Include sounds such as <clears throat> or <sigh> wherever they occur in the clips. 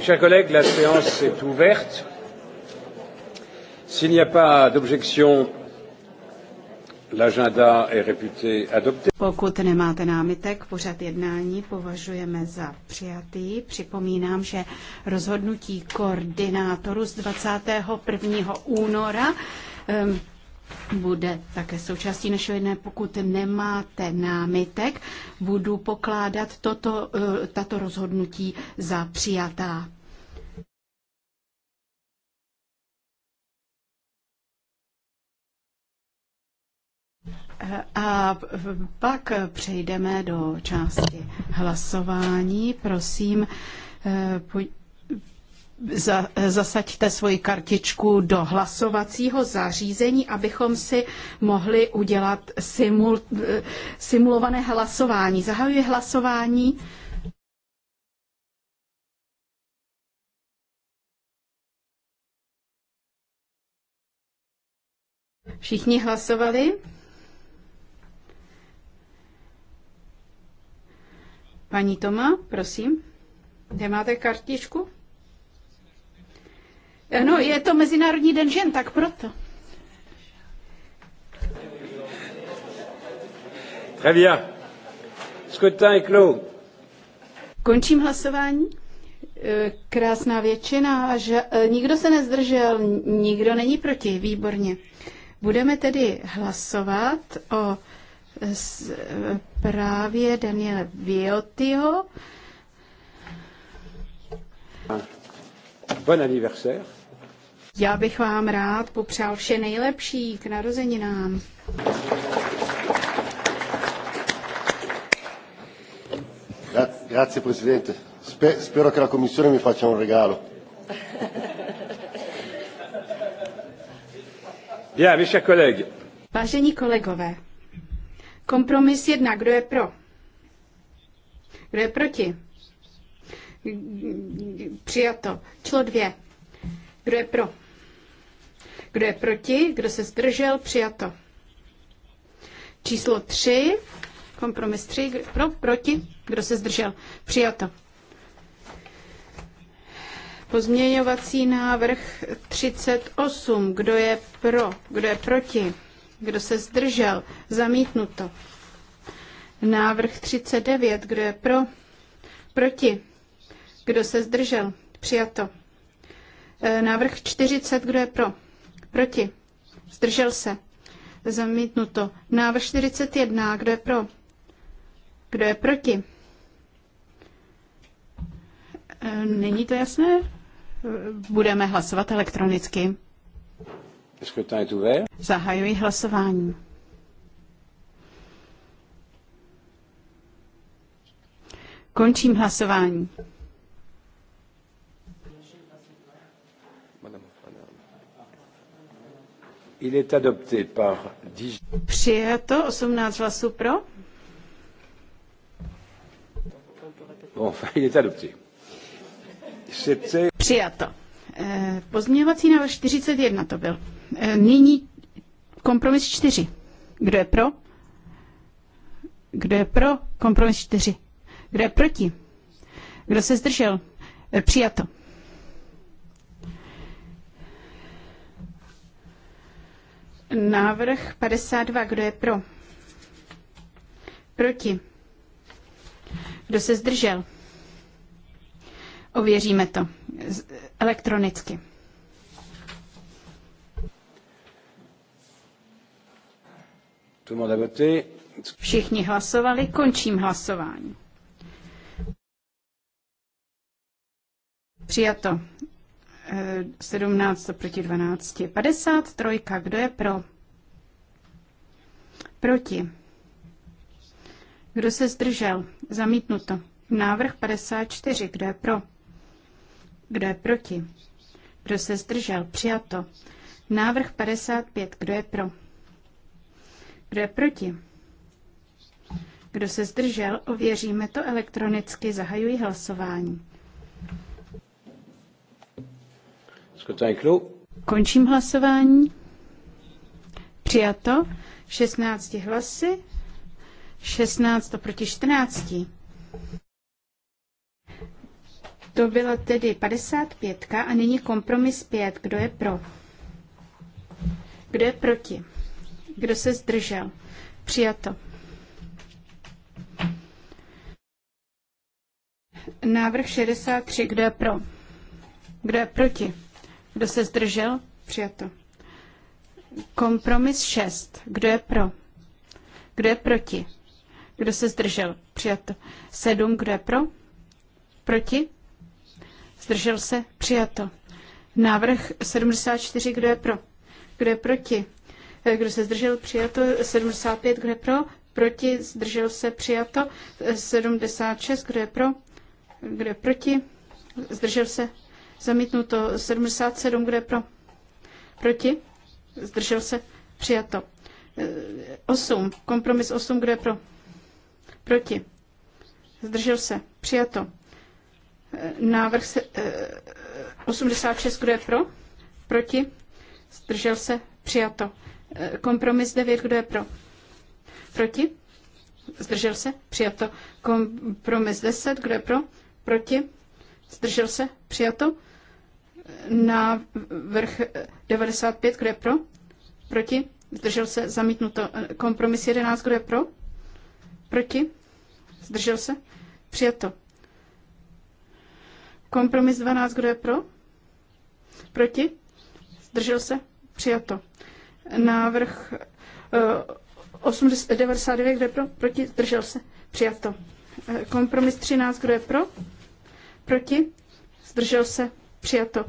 chers collègues, la séance est ouverte. S'il n'y a pas d'objection, l'agenda est réputé adopté. Pokud nemáte námitek, pořad jednání považujeme za přijatý. Připomínám, že rozhodnutí koordinátoru z 21. února um, bude také součástí našeho jedné. Pokud nemáte námitek, budu pokládat toto, eh, tato rozhodnutí za přijatá. Eh, a pak přejdeme do části hlasování. Prosím, eh, pojďte za, zasaďte svoji kartičku do hlasovacího zařízení, abychom si mohli udělat simul, simulované hlasování. Zahajuji hlasování. Všichni hlasovali? Paní Toma, prosím, kde máte kartičku? No, je to Mezinárodní den žen, tak proto. Très bien. Scrutin est clos. Končím hlasování. E, krásná většina. Že, e, nikdo se nezdržel, nikdo není proti. Výborně. Budeme tedy hlasovat o e, právě Daniele Viotyho. Bon anniversaire. Já bych vám rád popřál vše nejlepší k narozeninám. Grazie Presidente. Spe spero che la Commissione mi faccia un regalo. Ja, yeah, chers collègues. Vážení kolegové, kompromis jedna, kdo je pro? Kdo je proti? Přijato. Člo dvě. Kdo je pro? Kdo je proti? Kdo se zdržel? Přijato. Číslo 3. Kompromis 3. Pro, proti? Kdo se zdržel? Přijato. Pozměňovací návrh 38. Kdo je pro? Kdo je proti? Kdo se zdržel? Zamítnuto. Návrh 39. Kdo je pro? Proti? Kdo se zdržel? Přijato. E, návrh 40. Kdo je pro? Proti. Zdržel se. Zamítnuto. Návrh 41. Kdo je pro? Kdo je proti? E, není to jasné? E, budeme hlasovat elektronicky. Zahajuji hlasování. Končím hlasování. Přijato 18 hlasů pro. Bon, Přijato. Eh, pozměňovací návrh 41 to byl. Eh, nyní kompromis 4. Kdo je pro? Kdo je pro kompromis 4? Kdo je proti? Kdo se zdržel? Eh, přijato. Návrh 52. Kdo je pro? Proti? Kdo se zdržel? Ověříme to elektronicky. Všichni hlasovali, končím hlasování. Přijato 17 proti 12. 53. Kdo je pro? Proti. Kdo se zdržel? Zamítnuto. Návrh 54. Kdo je pro? Kdo je proti? Kdo se zdržel? Přijato. Návrh 55. Kdo je pro? Kdo je proti? Kdo se zdržel? Ověříme to elektronicky. Zahajuji hlasování. Končím hlasování. Přijato 16 hlasy, 16 proti 14. To byla tedy 55 a nyní kompromis 5. Kdo je pro? Kdo je proti? Kdo se zdržel? Přijato. Návrh 63. Kdo je pro? Kdo je proti? Kdo se zdržel? Přijato. Kompromis 6. Kdo je pro? Kdo je proti? Kdo se zdržel? Přijato. 7. Kdo je pro? Proti? Zdržel se? Přijato. Návrh 74. Kdo je pro? Kdo je proti? Kdo se zdržel? Přijato. 75. Kdo je pro? Proti? Zdržel se? Přijato. 76. Kdo je pro? Kdo je proti? Zdržel se? Zamítnuto 77, kdo je pro? Proti? Zdržel se? Přijato. 8. Eh, kompromis 8, kdo je pro? Proti? Zdržel se? Přijato. Eh, návrh 86, eh, kdo je pro? Proti? Zdržel se? Přijato. Kompromis 9, kdo je pro? Proti? Zdržel se? Přijato. Kompromis 10, kdo je pro? Proti? Zdržel se? Přijato na vrch 95, kdo je pro? Proti? Zdržel se? Zamítnuto. Kompromis 11, kdo je pro? Proti? Zdržel se? Přijato. Kompromis 12, kdo je pro? Proti? Zdržel se? Přijato. Návrh 99, eh, kdo je pro? Proti? Zdržel se? Přijato. Eh, kompromis 13, kdo je pro? Proti? Zdržel se? Přijato.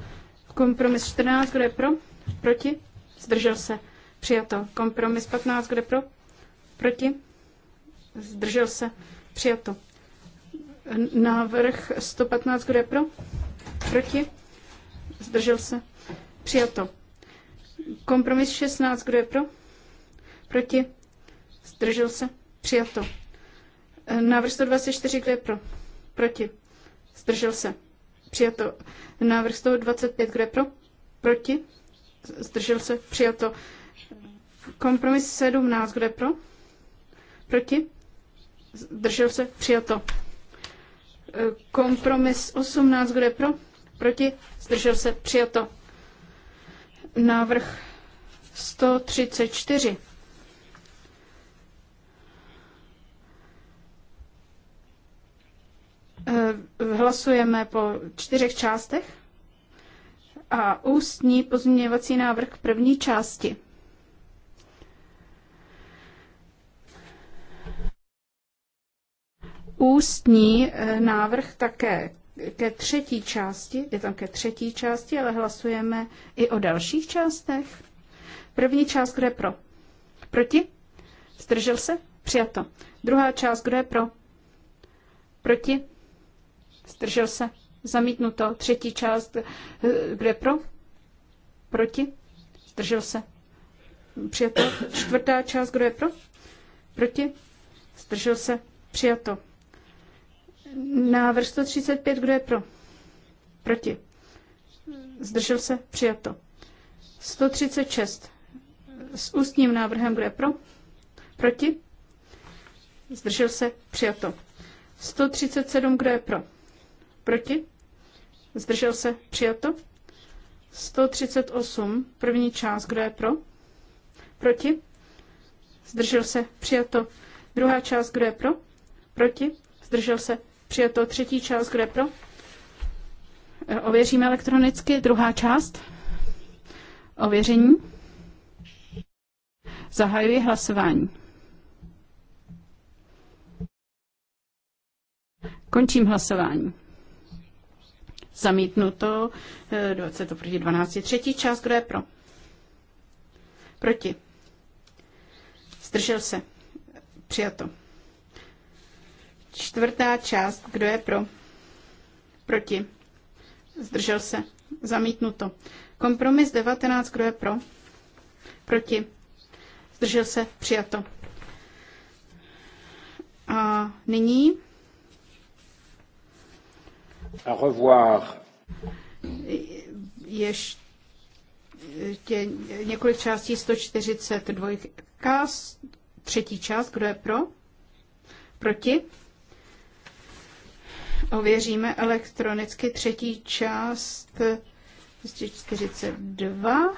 Kompromis 14, kdo je pro? Proti? Zdržel se. Přijato. Kompromis 15, kdo je pro? Proti? Zdržel se. Přijato. Návrh 115, kdo je pro? Proti? Zdržel se. Přijato. Kompromis 16, kdo je pro? Proti? Zdržel se. Přijato. Návrh 124, kdo je pro? Proti? Zdržel se přijato. Návrh 125, kdo je pro? Proti? Zdržel se? Přijato. Kompromis 17, kdo je pro? Proti? Zdržel se? Přijato. E, kompromis 18, kdo je pro? Proti? Zdržel se? Přijato. Návrh 134 Eh, hlasujeme po čtyřech částech a ústní pozměňovací návrh k první části. Ústní eh, návrh také ke třetí části, je tam ke třetí části, ale hlasujeme i o dalších částech. První část, kdo je pro? Proti? Zdržel se? Přijato. Druhá část, kdo je pro? Proti? Zdržel se? Zamítnuto. Třetí část. Eh, kdo je pro? Proti? Zdržel se? Přijato. Čtvrtá část. Kdo je pro? Proti? Zdržel se? Přijato. Návrh 135. Kdo je pro? Proti? Zdržel se? Přijato. 136. S ústním návrhem. Kdo je pro? Proti? Zdržel se? Přijato. 137. Kdo je pro? Proti? Zdržel se? Přijato? 138. První část. Kdo je pro? Proti? Zdržel se? Přijato? Druhá část. Kdo je pro? Proti? Zdržel se? Přijato? Třetí část. Kdo je pro? E, ověříme elektronicky. Druhá část. Ověření. Zahajuji hlasování. Končím hlasování. Zamítnuto 20 proti 12. Třetí část, kdo je pro? Proti. Zdržel se. Přijato. Čtvrtá část, kdo je pro? Proti. Zdržel se. Zamítnuto. Kompromis 19, kdo je pro? Proti. Zdržel se. Přijato. A nyní a revoir. Ještě několik částí 142. Třetí část, kdo je pro? Proti? Ověříme elektronicky třetí část 242.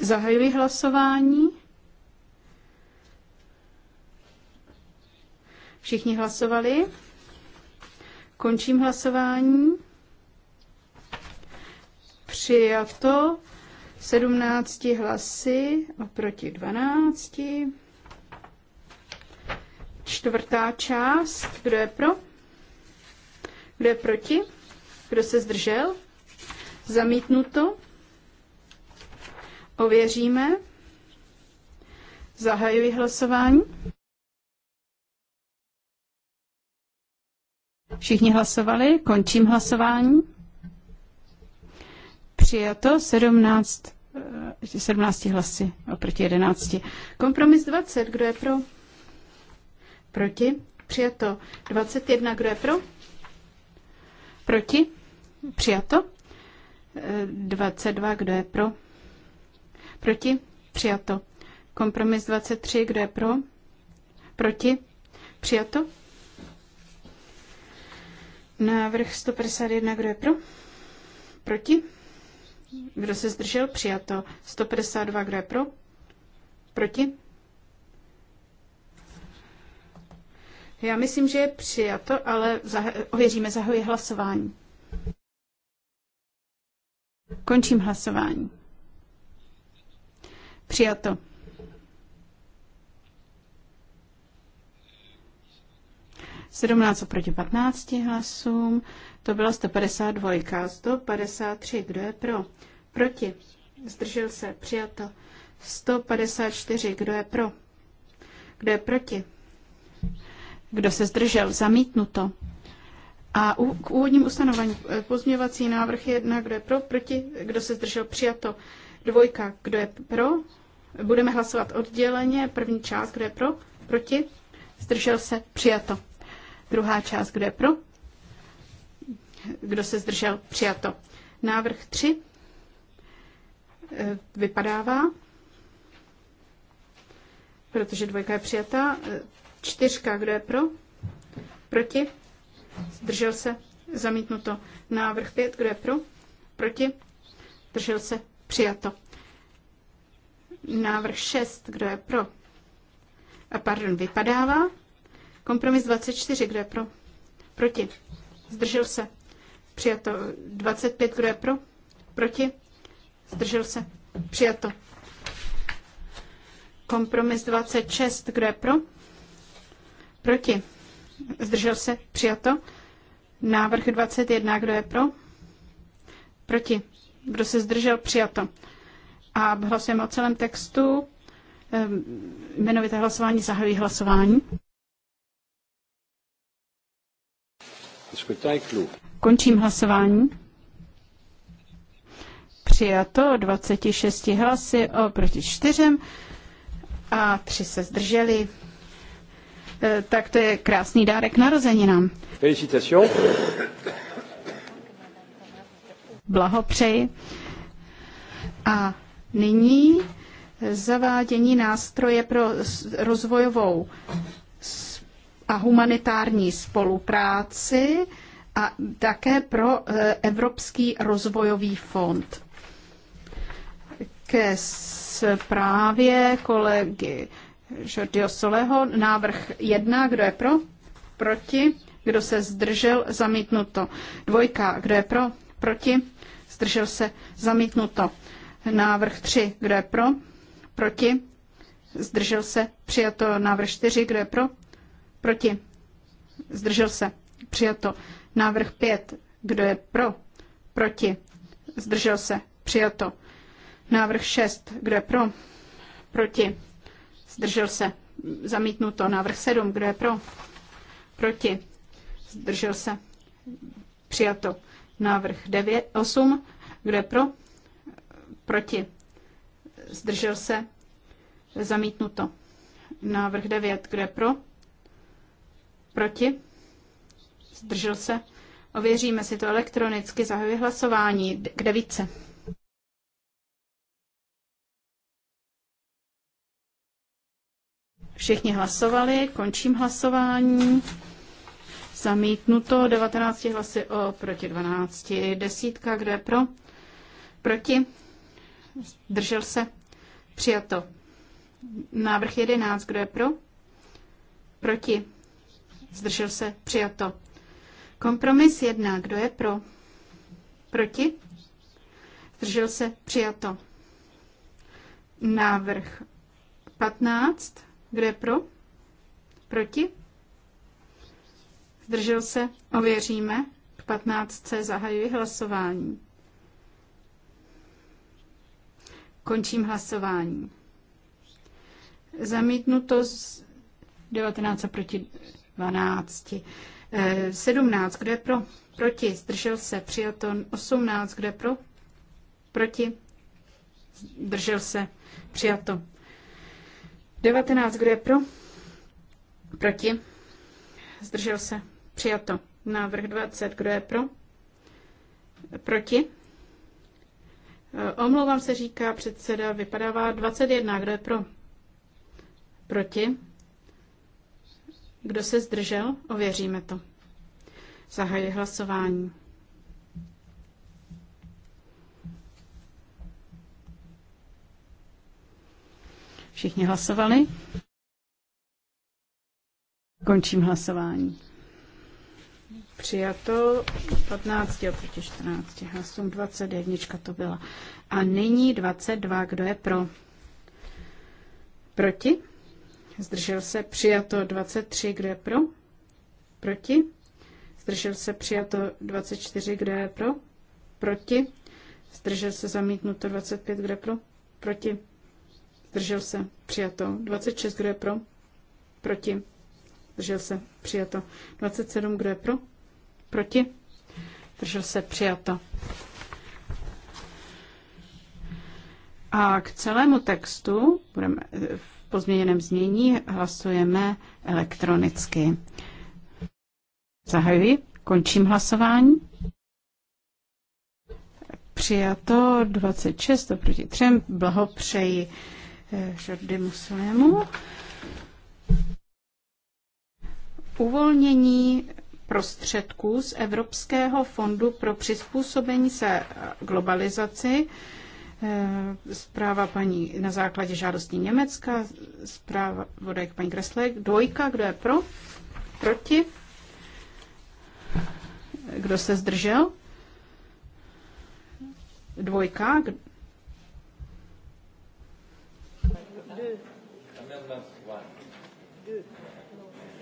Zahajuji hlasování. Všichni hlasovali? Končím hlasování. Přijato 17 hlasy oproti 12. Čtvrtá část. Kdo je pro? Kdo je proti? Kdo se zdržel? Zamítnuto. Ověříme. Zahajuji hlasování. Všichni hlasovali, končím hlasování. Přijato 17, 17 eh, hlasy oproti 11. Kompromis 20, kdo je pro? Proti? Přijato 21, kdo je pro? Proti? Přijato 22, eh, kdo je pro? Proti? Přijato. Kompromis 23, kdo je pro? Proti? Přijato. Návrh 151, kdo je pro? Proti? Kdo se zdržel? Přijato. 152, kdo je pro? Proti? Já myslím, že je přijato, ale zah- ověříme, zahoji hlasování. Končím hlasování. Přijato. 17 proti 15 hlasům, to byla 152, 153, kdo je pro, proti, zdržel se, přijato, 154, kdo je pro, kdo je proti, kdo se zdržel, zamítnuto. A u, k úvodním ustanovení eh, pozměvací návrh 1, kdo je pro, proti, kdo se zdržel, přijato, dvojka, kdo je pro, budeme hlasovat odděleně, první část, kdo je pro, proti, zdržel se, přijato. Druhá část, kdo je pro? Kdo se zdržel? Přijato. Návrh 3 eh, vypadává, protože dvojka je přijatá. Eh, čtyřka, kdo je pro? Proti? Zdržel se? Zamítnuto. Návrh 5, kdo je pro? Proti? Zdržel se? Přijato. Návrh 6, kdo je pro? A pardon, vypadává. Kompromis 24, kdo je pro? Proti. Zdržel se. Přijato 25, kdo je pro? Proti. Zdržel se. Přijato. Kompromis 26, kdo je pro? Proti. Zdržel se. Přijato. Návrh 21, kdo je pro? Proti. Kdo se zdržel? Přijato. A hlasujeme o celém textu. Ehm, jmenovité hlasování zahajují hlasování. Končím hlasování. Přijato 26 hlasy o proti čtyřem a tři se zdrželi. E, tak to je krásný dárek narozeninám. Félicitations. Blahopřeji. A nyní zavádění nástroje pro rozvojovou a humanitární spolupráci a také pro eh, Evropský rozvojový fond. Ke zprávě kolegy Žordio Soleho návrh jedna, kdo je pro? Proti? Kdo se zdržel? Zamítnuto. Dvojka, kdo je pro? Proti? Zdržel se? Zamítnuto. Návrh 3, kdo je pro? Proti? Zdržel se? Přijato návrh 4, kdo je pro? Proti? Zdržel se. Přijato. Návrh 5. Kdo je pro? Proti? Zdržel se. Přijato. Návrh 6. Kdo je pro? Proti? Zdržel se. Zamítnuto. Návrh 7. Kdo je pro? Proti? Zdržel se. Přijato. Návrh 9, 8. Kdo je pro? Proti? Zdržel se. Zamítnuto. Návrh 9. Kdo je pro? Proti? Zdržel se? Ověříme si to elektronicky. Zahajuji hlasování Kde více? Všichni hlasovali, končím hlasování. Zamítnuto 19 hlasy o proti 12. Desítka, kde pro? Proti? Zdržel se? Přijato. Návrh 11, kdo je pro? Proti? Zdržel se? Přijato. Kompromis jedna Kdo je pro? Proti? Zdržel se? Přijato. Návrh 15. Kdo je pro? Proti? Zdržel se? Ověříme. K 15. zahajuji hlasování. Končím hlasování. Zamítnuto z 19 proti 12. 17. Eh, kdo je pro? Proti. Zdržel se. Přijato 18. Kdo je pro? Proti. Zdržel se. Přijato. 19. Kdo je pro? Proti. Zdržel se. Přijato. Návrh 20. Kdo je pro? Proti. Eh, omlouvám se, říká předseda, vypadává 21. Kdo je pro? Proti. Kdo se zdržel? Ověříme to. Zahajuji hlasování. Všichni hlasovali? Končím hlasování. Přijato 15 proti 14 hlasům, 21 to byla. A nyní 22, kdo je pro? Proti? zdržel se, přijato 23, kdo je pro, proti, zdržel se, přijato 24, kdo je pro, proti, zdržel se, zamítnuto 25, kdo je pro, proti, zdržel se, přijato 26, kdo je pro, proti, zdržel se, přijato 27, kdo je pro, proti, zdržel se, přijato. A k celému textu budeme eh, pozměněném znění hlasujeme elektronicky. Zahajuji, končím hlasování. Přijato 26 proti 3. Blahopřeji Žordy eh, Muslému. Uvolnění prostředků z Evropského fondu pro přizpůsobení se globalizaci Eh, zpráva paní na základě žádosti Německa, zpráva vodajk paní Kresle, dvojka, kdo je pro, proti, kdo se zdržel, dvojka, kdo...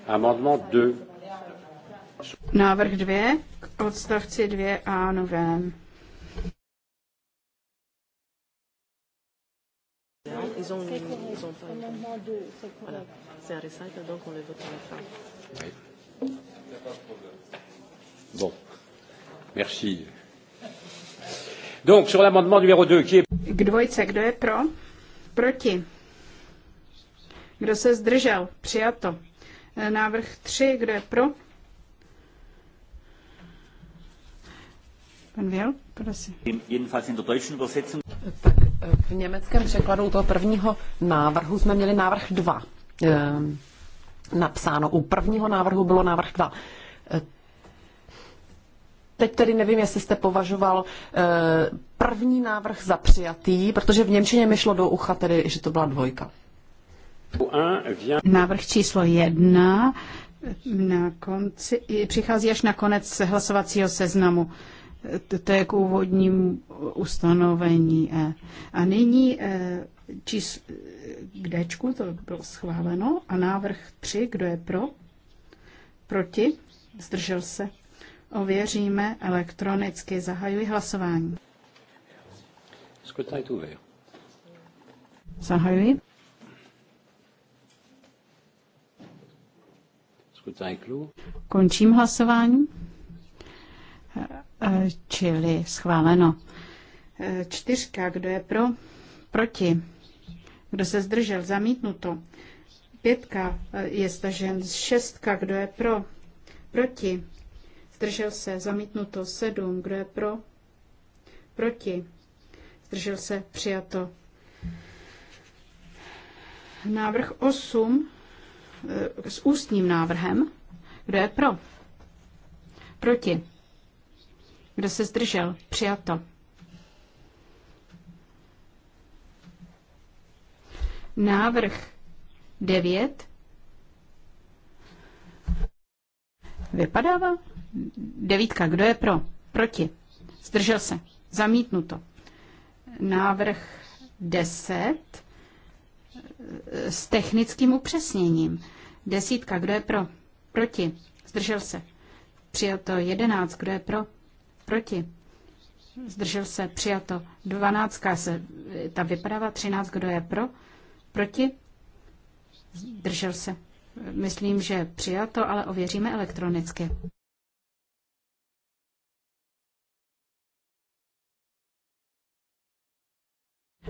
Amendement 2. Návrh 2 k odstavci 2 a novém. Non, ils ont, correct, ils ont pas. Amendement 2, c'est correct. Voilà. C'est un recycle, donc on le vote à la fin. Oui. Bon. Merci. Donc, sur l'amendement numéro 2, qui est... K dvojce, kdo je pro? Proti. Kdo se zdržel? Přijato. E, návrh 3, kdo je pro? Pan Vil, prosím. Jedenfalls in der deutschen Übersetzung. E, v německém překladu toho prvního návrhu jsme měli návrh 2 ehm, napsáno. U prvního návrhu bylo návrh 2. E, teď tedy nevím, jestli jste považoval e, první návrh za přijatý, protože v Němčině mi šlo do ucha tedy, že to byla dvojka. Návrh číslo jedna na konci, přichází až na konec hlasovacího seznamu. To je k jako úvodním ustanovení E. A nyní e, čís k Dčku, to bylo schváleno, a návrh 3, kdo je pro, proti, zdržel se. Ověříme elektronicky. Zahajuji hlasování. Zahajuji. Končím hlasování. E, čili schváleno. E, čtyřka, kdo je pro, proti, kdo se zdržel, zamítnuto. Pětka e, je stažen, šestka, kdo je pro, proti, zdržel se, zamítnuto. Sedm, kdo je pro, proti, zdržel se, přijato. Návrh osm, s ústním návrhem. Kdo je pro? Proti. Kdo se zdržel? Přijato. Návrh 9 vypadává. Devítka, kdo je pro? Proti. Zdržel se. Zamítnuto. Návrh 10 s technickým upřesněním. Desítka, kdo je pro? Proti. Zdržel se. Přijato 11, kdo je pro? Proti? Zdržel se. Přijato. Dvanáctka se ta vyprava, Třináct, kdo je pro? Proti? Zdržel se. Myslím, že přijato, ale ověříme elektronicky.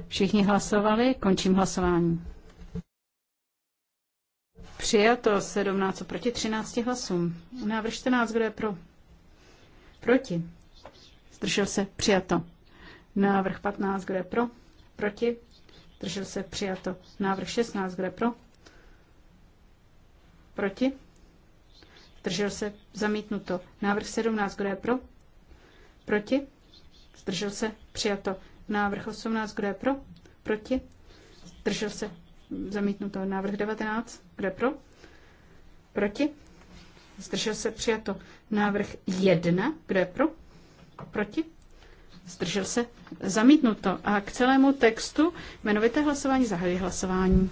Všichni hlasovali, končím hlasování. Přijato 17 proti 13 hlasům. Návrh 14, kdo je pro? Proti. Zdržel se? Přijato. Návrh 15, kdo je pro? Proti? Zdržel se? Přijato. Návrh 16, kdo je pro? Proti? Zdržel se? Zamítnuto. Návrh 17, kdo je pro? Proti? Zdržel se? Přijato. Návrh 18, kdo je pro? Proti? Zdržel se? Zamítnuto. Návrh 19, kdo je pro? Proti? Zdržel se? Přijato. Návrh 1, kdo je pro? Proti? Zdržel se? Zamítnuto. A k celému textu jmenovité hlasování zahajuji hlasování.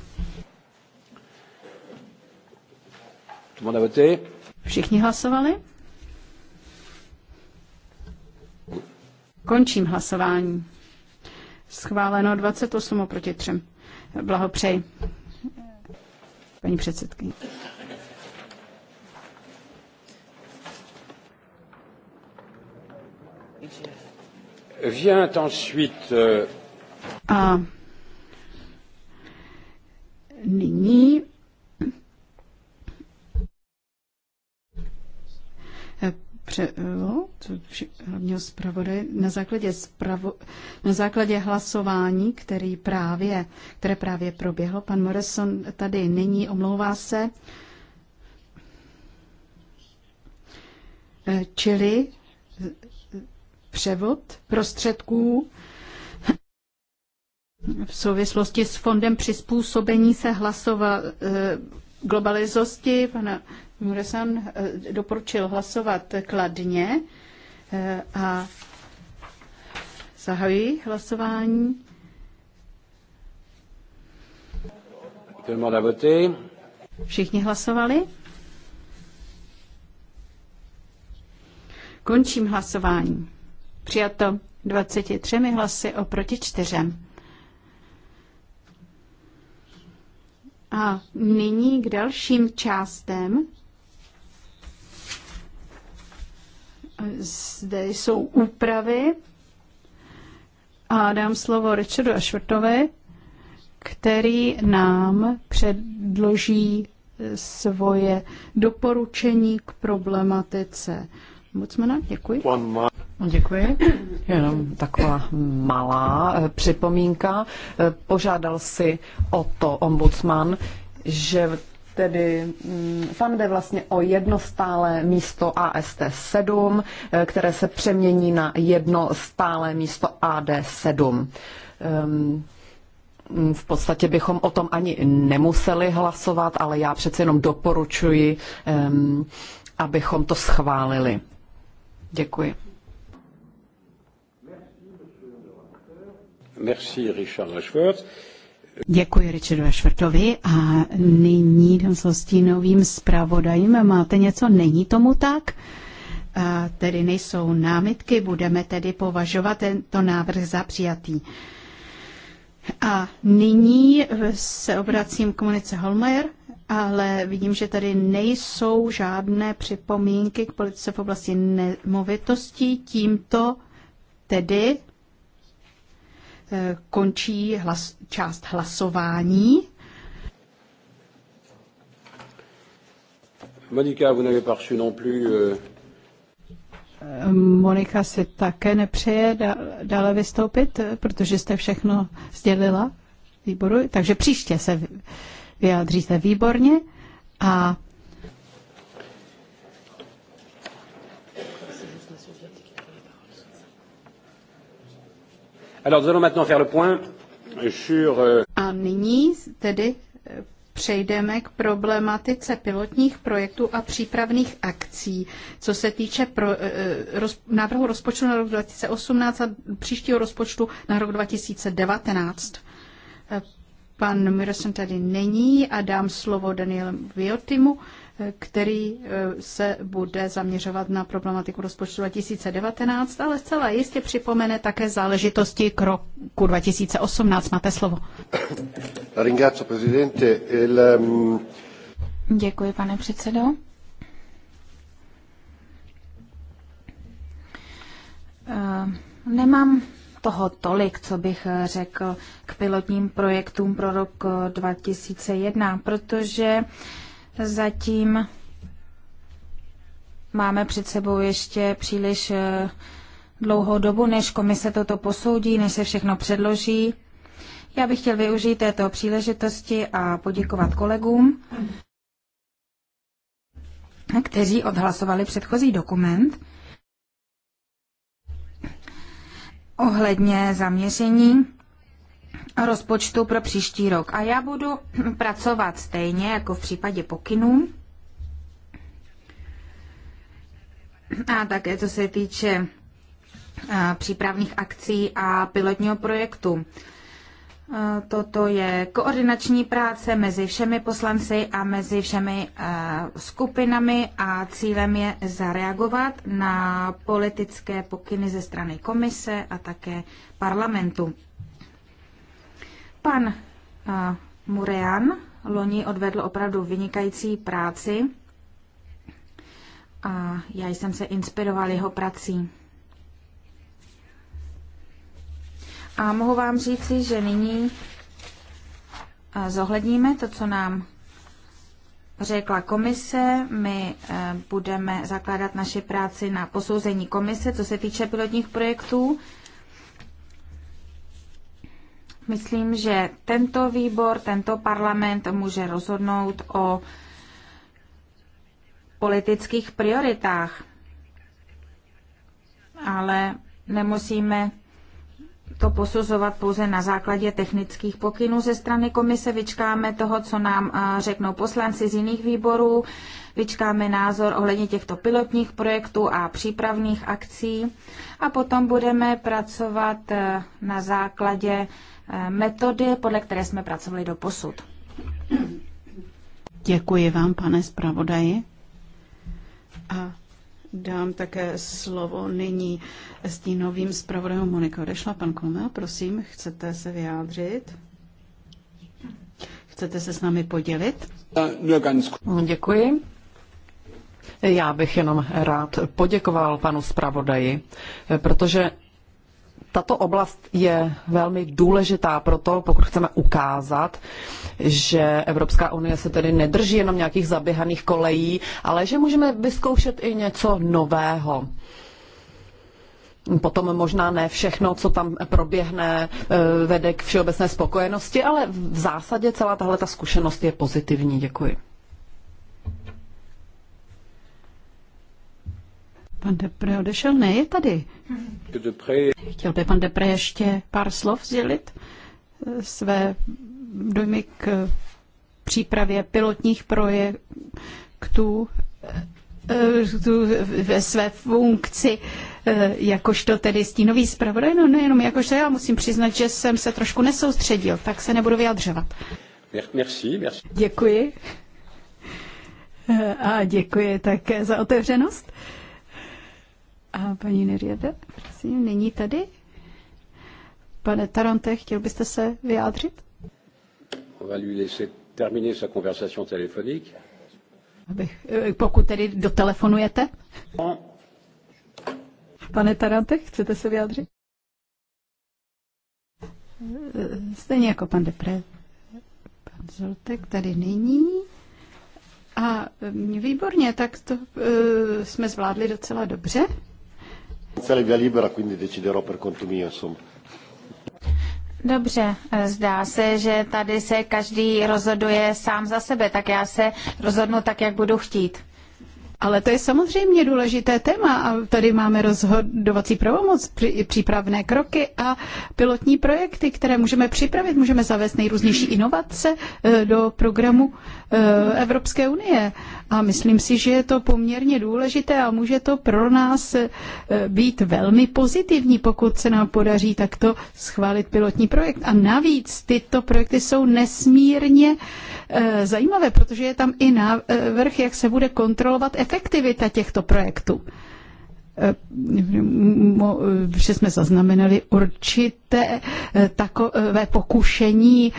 Všichni hlasovali? Končím hlasování. Schváleno 28 proti 3. Blahopřeji. Paní předsedkyně. Vient ensuite... Euh... A nyní hlavního zpravodaje na základě, zpravo, na základě hlasování, který právě, které právě proběhlo. Pan Morrison tady není, omlouvá se. E, čili převod prostředků v souvislosti s fondem přizpůsobení se hlasoval eh, globalizosti. Pana Muresan eh, doporučil hlasovat kladně eh, a zahajuji hlasování. Všichni hlasovali? Končím hlasování. Přijato 23 hlasy oproti čtyřem. A nyní k dalším částem. Zde jsou úpravy. A dám slovo Richardu Ašvrtovi, který nám předloží svoje doporučení k problematice ombudsmana. Děkuji. Děkuji. Jenom taková malá eh, připomínka. Eh, požádal si o to ombudsman, že tedy tam mm, jde vlastně o jedno stále místo AST7, eh, které se přemění na jedno stále místo AD7. Ehm, mm, v podstatě bychom o tom ani nemuseli hlasovat, ale já přece jenom doporučuji, ehm, abychom to schválili. Děkuji. Merci, Richard Děkuji Richardu Ašvrtovi a nyní jdem s hostinovým zpravodajím. Máte něco? Není tomu tak? A tedy nejsou námitky, budeme tedy považovat tento návrh za přijatý. A nyní se obracím k Monice Holmeier ale vidím, že tady nejsou žádné připomínky k politice v oblasti nemovitostí. Tímto tedy eh, končí hlas, část hlasování. Monika, vous n'avez pas reçu non plus euh... Monika si také nepřeje dále vystoupit, protože jste všechno sdělila výboru, takže příště se vyjádří se výborně a euh, A nyní tedy eh, přejdeme k problematice pilotních projektů a přípravných akcí. Co se týče pro, eh, eh, roz, návrhu rozpočtu na rok 2018 a příštího rozpočtu na rok 2019. Pan Mirsen tady není a dám slovo Danielu Viotimu, eh, který eh, se bude zaměřovat na problematiku rozpočtu 2019, ale zcela jistě připomene také záležitosti k roku 2018. Máte slovo. Ehm, Děkuji, pane předsedo. Eh, nemám toho tolik, co bych eh, řekl k pilotním projektům pro rok 2001, eh, protože zatím máme před sebou ještě příliš eh, dlouhou dobu, než komise toto posoudí, než se všechno předloží. Já bych chtěl využít této příležitosti a poděkovat kolegům, kteří odhlasovali předchozí dokument ohledně zaměření rozpočtu pro příští rok. A já budu <clears throat> pracovat stejně jako v případě pokynů. A také co se týče přípravných akcí a pilotního projektu. Toto je koordinační práce mezi všemi poslanci a mezi všemi eh, skupinami a cílem je zareagovat na politické pokyny ze strany komise a také parlamentu. Pan eh, Murean loni odvedl opravdu vynikající práci a já jsem se inspiroval jeho prací. A mohu vám říci, že nyní zohledníme to, co nám řekla komise. My e, budeme zakládat naši práci na posouzení komise, co se týče pilotních projektů. Myslím, že tento výbor, tento parlament může rozhodnout o politických prioritách, ale nemusíme to posuzovat pouze na základě technických pokynů ze strany komise. Vyčkáme toho, co nám eh, řeknou poslanci z jiných výborů, vyčkáme názor ohledně těchto pilotních projektů a přípravných akcí a potom budeme pracovat eh, na základě eh, metody, podle které jsme pracovali do posud. Děkuji vám, pane zpravodaji. A dám také slovo nyní stínovým zpravodajům Monika Odešla. Pan Komel, prosím, chcete se vyjádřit? Chcete se s námi podělit? Děkuji. Já bych jenom rád poděkoval panu zpravodaji, protože tato oblast je velmi důležitá proto, pokud chceme ukázat, že Evropská unie se tedy nedrží jenom nějakých zaběhaných kolejí, ale že můžeme vyzkoušet i něco nového. Potom možná ne všechno, co tam proběhne, eh, vede k všeobecné spokojenosti, ale v zásadě celá tahle ta zkušenost je pozitivní. Děkuji. Pan Depre odešel? Ne, je tady. Chtěl by pan Depre ještě pár slov sdělit své dojmy k přípravě pilotních projektů ve své funkci jakožto tedy stínový zpravodaj, no nejenom jakožto já musím přiznat, že jsem se trošku nesoustředil, tak se nebudu vyjadřovat. Merci, merci. Děkuji. A děkuji také za otevřenost. A paní Neriede, prosím, není tady? Pane Taronte, chtěl byste se vyjádřit? terminer sa conversation téléphonique. Abych, eh, pokud tedy dotelefonujete. Pane Tarante, chcete se vyjádřit? Eh, stejně jako pan Depre. Pan Zoltek tady není. A mm, výborně, tak to uh, jsme zvládli docela dobře via libera, quindi deciderò per conto mio, insomma. Dobře, zdá se, že tady se každý rozhoduje sám za sebe, tak já se rozhodnu tak, jak budu chtít. Ale to je samozřejmě důležité téma a tady máme rozhodovací pravomoc, přípravné kroky a pilotní projekty, které můžeme připravit, můžeme zavést nejrůznější inovace eh, do programu eh, Evropské unie. A myslím si, že je to poměrně důležité a může to pro nás eh, být velmi pozitivní, pokud se nám podaří takto schválit pilotní projekt. A navíc tyto projekty jsou nesmírně eh, zajímavé, protože je tam i návrh, jak se bude kontrolovat efektivita těchto projektů eh, že jsme zaznamenali určité takové pokušení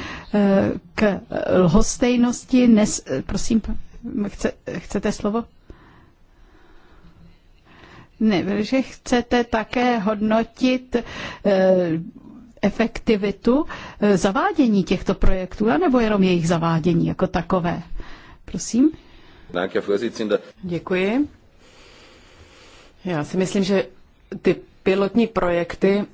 k lhostejnosti. Nes, prosím, Chce, chcete slovo? Ne, že chcete také hodnotit eh, efektivitu eh, zavádění těchto projektů, anebo jenom jejich zavádění jako takové. Prosím. Děkuji. Já si myslím, že ty pilotní projekty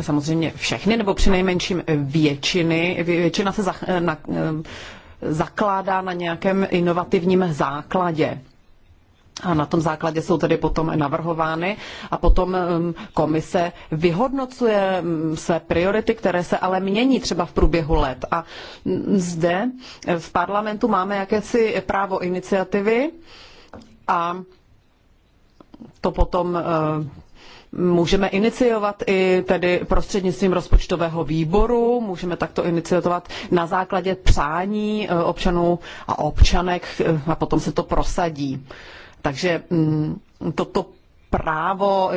samozřejmě všechny, nebo přinejmenším většiny, většina se zach, na, zakládá na nějakém inovativním základě. A na tom základě jsou tedy potom navrhovány a potom um, komise vyhodnocuje um, své priority, které se ale mění třeba v průběhu let. A mm, zde v parlamentu máme jakési právo iniciativy a to potom uh, můžeme iniciovat i tedy prostřednictvím rozpočtového výboru, můžeme takto iniciovat na základě přání eh, občanů a občanek eh, a potom se to prosadí. Takže mm, toto právo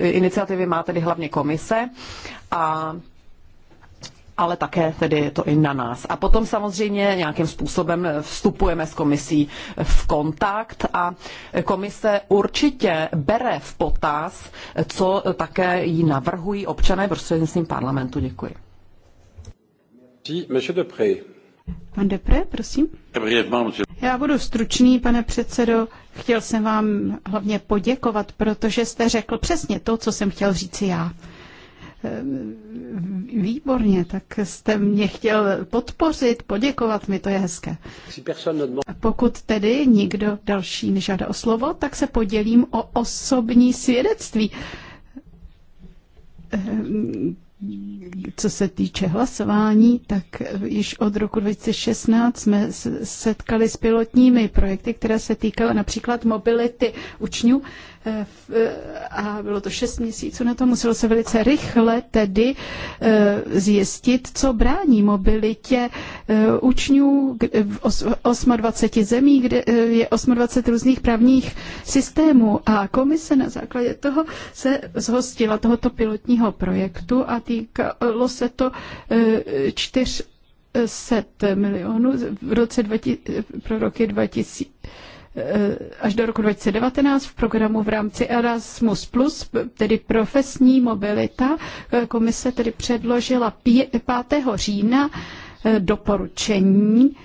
iniciativy má tedy hlavně komise a ale také tedy je to i na nás. A potom samozřejmě nějakým způsobem vstupujeme s komisí v kontakt a komise určitě bere v potaz, co také jí navrhují občané prostřednictvím parlamentu. Děkuji. Pan Depré, prosím. Já budu stručný, pane předsedo. Chtěl jsem vám hlavně poděkovat, protože jste řekl přesně to, co jsem chtěl říci já. Ehm, výborně, tak jste mě chtěl podpořit, poděkovat mi, to je hezké. Pokud tedy nikdo další nežádá o slovo, tak se podělím o osobní svědectví. Ehm, co se týče hlasování, tak již od roku 2016 jsme setkali s pilotními projekty, které se týkaly například mobility učňů Eh, a bylo to šest měsíců na to, muselo se velice rychle tedy eh, zjistit, co brání mobilitě eh, učňů v 28 zemí, kde je 28 různých právních systémů a komise na základě toho se zhostila tohoto pilotního projektu a týkalo se to čtyř set milionů v roce 20, pro roky 2000 Eh, až do roku 2019 v programu v rámci Erasmus+, tedy profesní mobilita. Eh, komise tedy předložila 5. října eh, doporučení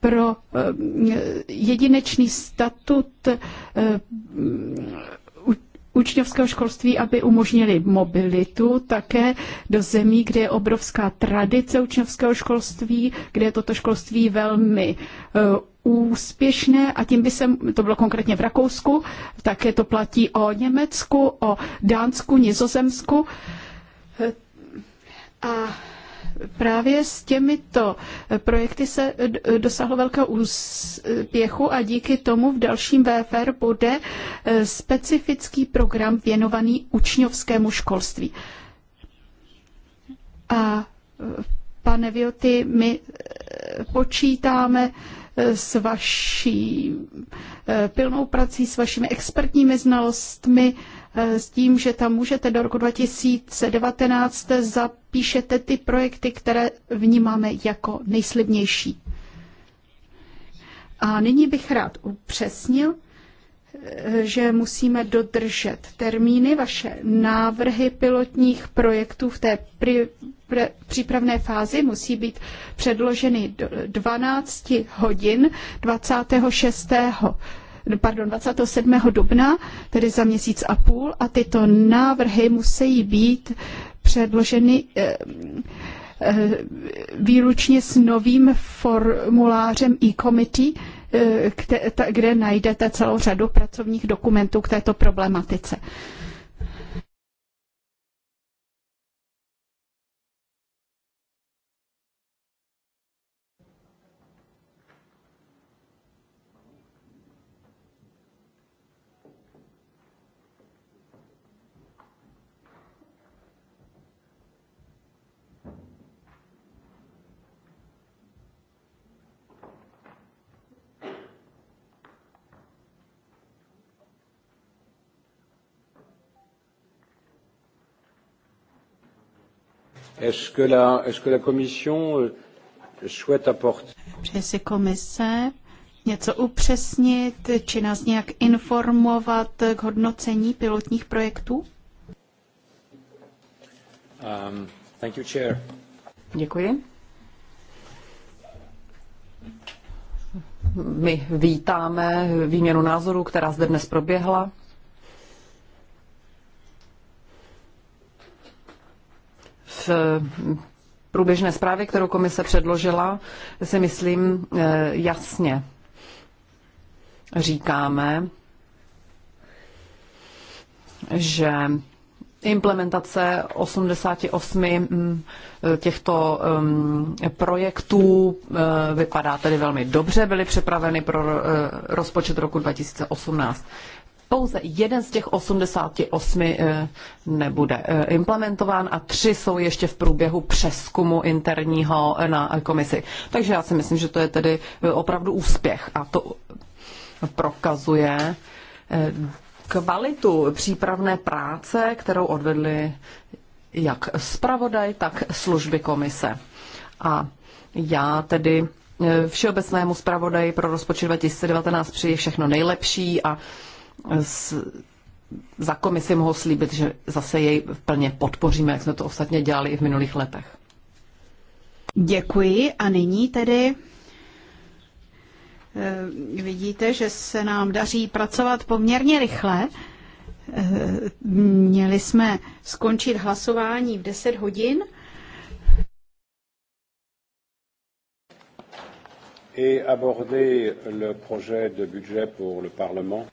pro jedinečný statut učňovského školství, aby umožnili mobilitu také do zemí, kde je obrovská tradice učňovského školství, kde je toto školství velmi uh, úspěšné a tím by se, to bylo konkrétně v Rakousku, také to platí o Německu, o Dánsku, Nizozemsku. Eh, a Právě s těmito projekty se dosáhlo velkého úspěchu a díky tomu v dalším VFR bude e, specifický program věnovaný učňovskému školství. A e, pane Vioty, my e, počítáme s vaší pilnou prací, s vašimi expertními znalostmi, Eh, s tím, že tam můžete do roku 2019 zapíšete ty projekty, které vnímáme jako nejslibnější. A nyní bych rád upřesnil, eh, že musíme dodržet termíny, vaše návrhy pilotních projektů v té pri, pre, přípravné fázi musí být předloženy do 12 hodin 26 pardon, 27. dubna, tedy za měsíc a půl, a tyto návrhy musí být předloženy eh, eh, výlučně s novým formulářem e-committee, eh, kde najdete celou řadu pracovních dokumentů k této problematice. Est-ce que, est que la commission euh, souhaite apporter? Přeje si komise něco upřesnit, či nás nějak informovat k hodnocení pilotních projektů? Um, thank you, chair. Děkuji. My vítáme výměnu názorů, která zde dnes proběhla. Mm, průběžné zprávy, kterou komise předložila, si myslím eh, jasně říkáme, že implementace 88 mm, těchto mm, projektů eh, vypadá tedy velmi dobře, byly připraveny pro eh, rozpočet roku 2018 pouze jeden z těch 88 eh, nebude eh, implementován a tři jsou ještě v průběhu přeskumu interního eh, na komisi. Takže já si myslím, že to je tedy opravdu úspěch a to prokazuje kvalitu přípravné práce, kterou odvedli jak zpravodaj, tak služby komise. A já tedy všeobecnému zpravodaji pro rozpočet 2019 přeji všechno nejlepší a s, za komisi mohu slíbit, že zase jej plně podpoříme, jak jsme to ostatně dělali i v minulých letech. Děkuji a nyní tedy eh, vidíte, že se nám daří pracovat poměrně rychle. Eh, měli jsme skončit hlasování v 10 hodin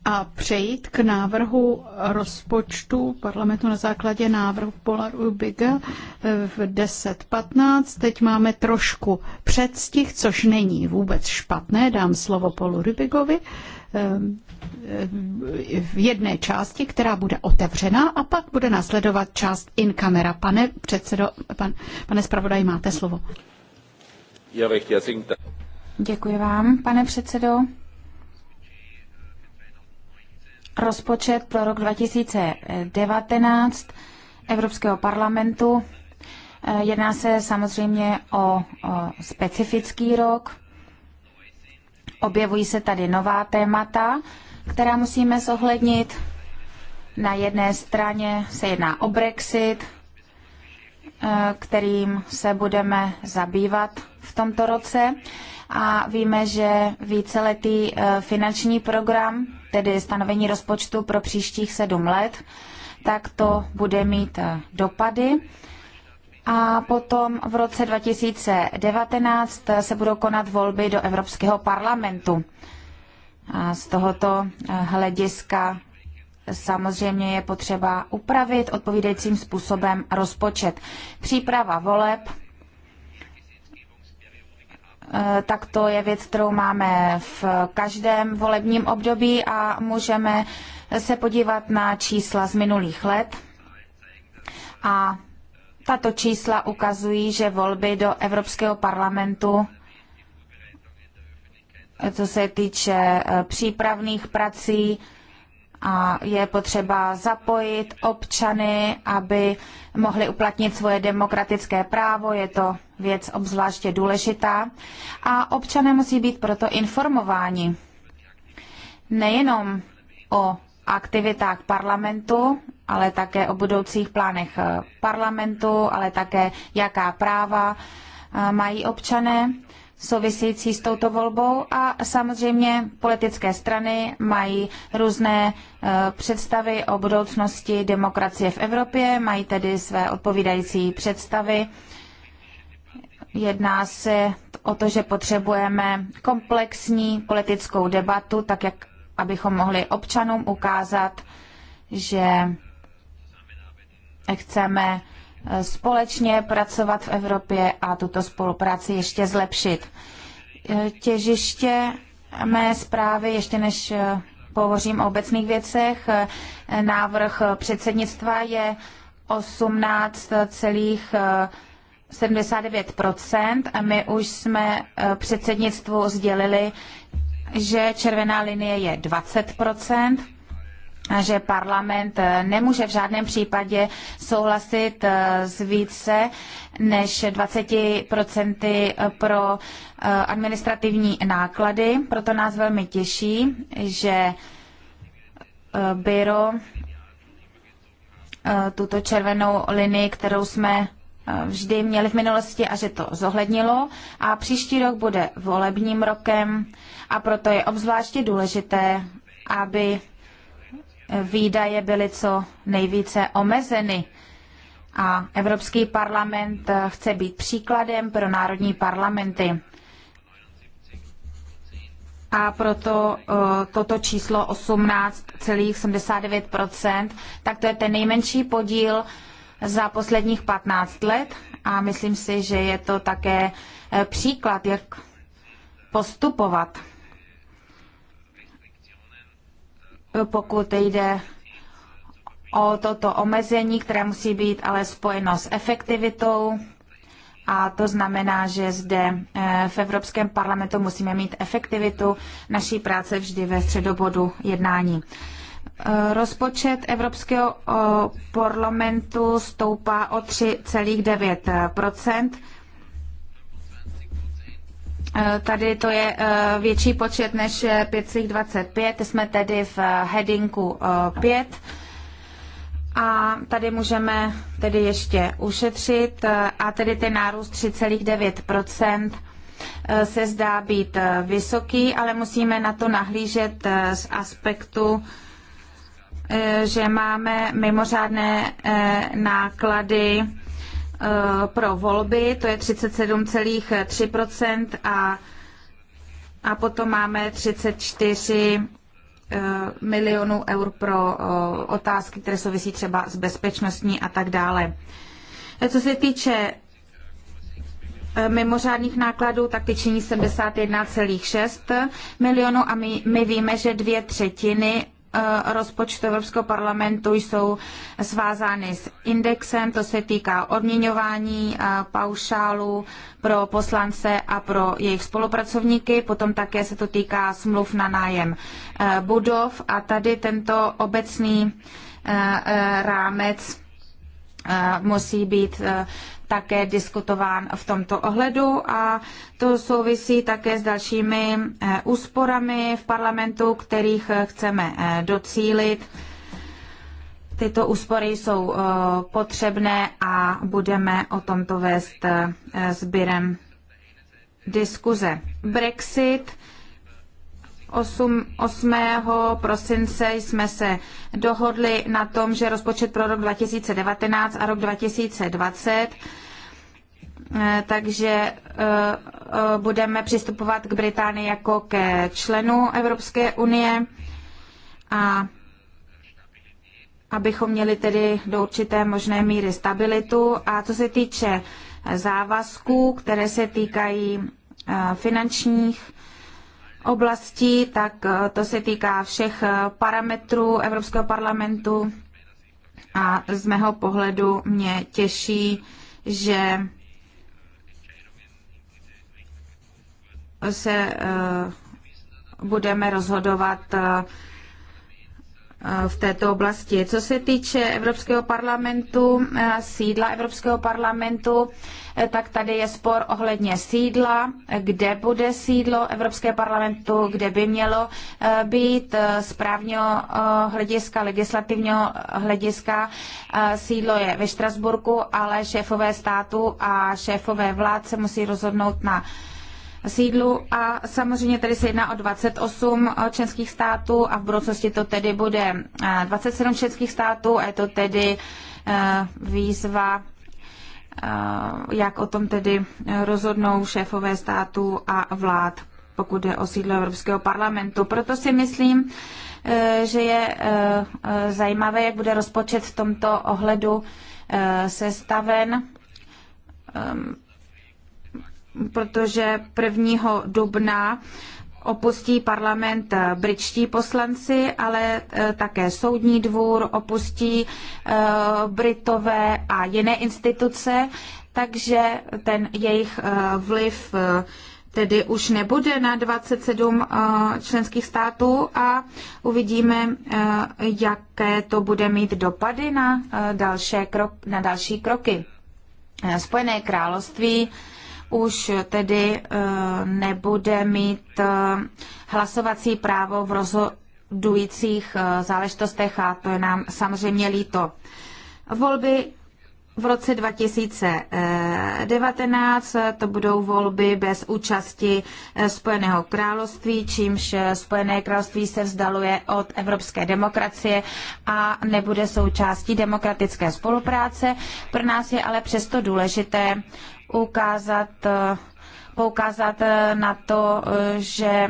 a přejít k návrhu rozpočtu parlamentu na základě návrhu Polaru Biga eh, v 10.15. Teď máme trošku předstih, což není vůbec špatné. Dám slovo Polu Rybigovi eh, eh, v jedné části, která bude otevřená a pak bude následovat část in camera. Pane předsedo, pan, pane zpravodaj, máte slovo. Já bych chtěl Děkuji vám, pane předsedo. Rozpočet pro rok 2019 Evropského parlamentu. Eh, jedná se samozřejmě o, o specifický rok. Objevují se tady nová témata, která musíme zohlednit. Na jedné straně se jedná o Brexit, eh, kterým se budeme zabývat v tomto roce a víme, že víceletý eh, finanční program, tedy stanovení rozpočtu pro příštích sedm let, tak to bude mít eh, dopady. A potom v roce 2019 eh, se budou konat volby do Evropského parlamentu. A z tohoto hlediska samozřejmě je potřeba upravit odpovídajícím způsobem rozpočet. Příprava voleb Eh, tak to je věc, kterou máme v každém volebním období a můžeme se podívat na čísla z minulých let. A tato čísla ukazují, že volby do Evropského parlamentu, eh, co se týče eh, přípravných prací, a je potřeba zapojit občany, aby mohli uplatnit svoje demokratické právo, je to věc obzvláště důležitá a občané musí být proto informováni nejenom o aktivitách parlamentu, ale také o budoucích plánech parlamentu, ale také jaká práva eh, mají občané související s touto volbou a samozřejmě politické strany mají různé eh, představy o budoucnosti demokracie v Evropě, mají tedy své odpovídající představy. Jedná se o to, že potřebujeme komplexní politickou debatu, tak jak abychom mohli občanům ukázat, že chceme společně pracovat v Evropě a tuto spolupráci ještě zlepšit. Těžiště mé zprávy, ještě než eh, pohovořím o obecných věcech, eh, návrh předsednictva je 18,79 eh, a my už jsme předsednictvu sdělili, že červená linie je 20 že parlament eh, nemůže v žádném případě souhlasit eh, s více než 20% eh, pro administrativní náklady. Proto nás velmi těší, že byro tuto červenou linii, kterou jsme vždy měli v minulosti a že to zohlednilo. A příští rok bude volebním rokem a proto je obzvláště důležité, aby výdaje byly co nejvíce omezeny. A Evropský parlament chce být příkladem pro národní parlamenty. A proto e, toto číslo 18,79%, tak to je ten nejmenší podíl za posledních 15 let a myslím si, že je to také e, příklad, jak postupovat. pokud jde o toto omezení, které musí být ale spojeno s efektivitou. A to znamená, že zde eh, v Evropském parlamentu musíme mít efektivitu naší práce vždy ve středobodu jednání. Eh, rozpočet Evropského eh, parlamentu stoupá o 3,9 Eh, tady to je eh, větší počet než 525, eh, jsme tedy v headingu 5. A tady můžeme tedy ještě ušetřit a tedy ten nárůst 3,9 se zdá být vysoký, ale musíme na to nahlížet z aspektu, že máme mimořádné náklady Eh, pro volby, to je 37,3% a, a potom máme 34 eh, milionů eur pro eh, otázky, které souvisí třeba s bezpečnostní a tak dále. Co se týče mimořádných nákladů, tak ty činí 71,6 milionů a my, my víme, že dvě třetiny Eh, rozpočtu Evropského parlamentu jsou svázány s indexem, to se týká odměňování eh, paušálu pro poslance a pro jejich spolupracovníky, potom také se to týká smluv na nájem eh, budov a tady tento obecný rámec musí být také diskutován v tomto ohledu a to souvisí také s dalšími eh, úsporami v parlamentu, kterých eh, chceme eh, docílit. Tyto úspory jsou potřebné a budeme o tomto vést s Birem diskuze. Brexit 8, 8. prosince jsme se dohodli na tom, že rozpočet pro rok 2019 a rok 2020 eh, takže eh, eh, budeme přistupovat k Británii jako ke členu Evropské unie a abychom měli tedy do určité možné míry stabilitu. A co se týče závazků, které se týkají finančních oblastí, tak eh, to se týká všech eh, parametrů Evropského parlamentu a z mého pohledu mě těší, že se eh, budeme rozhodovat v této oblasti. Co se týče Evropského parlamentu, sídla Evropského parlamentu, e, tak tady je spor ohledně sídla, kde bude sídlo Evropského parlamentu, kde by mělo e, být z e, právního hlediska, legislativního hlediska. Sídlo je ve Štrasburku, ale šéfové státu a šéfové vlád se musí rozhodnout na sídlu a samozřejmě tady se jedná o 28 eh, členských států a v budoucnosti to tedy bude 27 eh, členských států a je to tedy eh, výzva jak o tom tedy rozhodnou šéfové států a vlád, pokud je o sídlo Evropského parlamentu. Proto si myslím, že je zajímavé, jak bude rozpočet v tomto ohledu sestaven ehm, protože 1. dubna opustí parlament britští poslanci, ale e, také soudní dvůr opustí e, Britové a jiné instituce, takže ten jejich e, vliv tedy už nebude na 27 členských států a uvidíme, jaké to bude mít dopady na, další, krok, na další kroky. Spojené království už tedy eh, nebude mít eh, hlasovací právo v rozhodujících eh, záležitostech a to je nám samozřejmě líto. Volby v roce 2019 to budou volby bez účasti Spojeného království, čímž Spojené království se vzdaluje od evropské demokracie a nebude součástí demokratické spolupráce. Pro nás je ale přesto důležité, ukázat, poukázat na to, že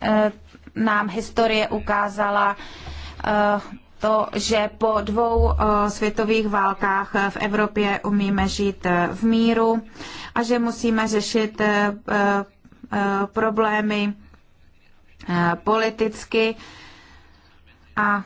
eh, nám historie ukázala eh, to, že po dvou eh, světových válkách v Evropě umíme žít v míru a že musíme řešit problémy politicky a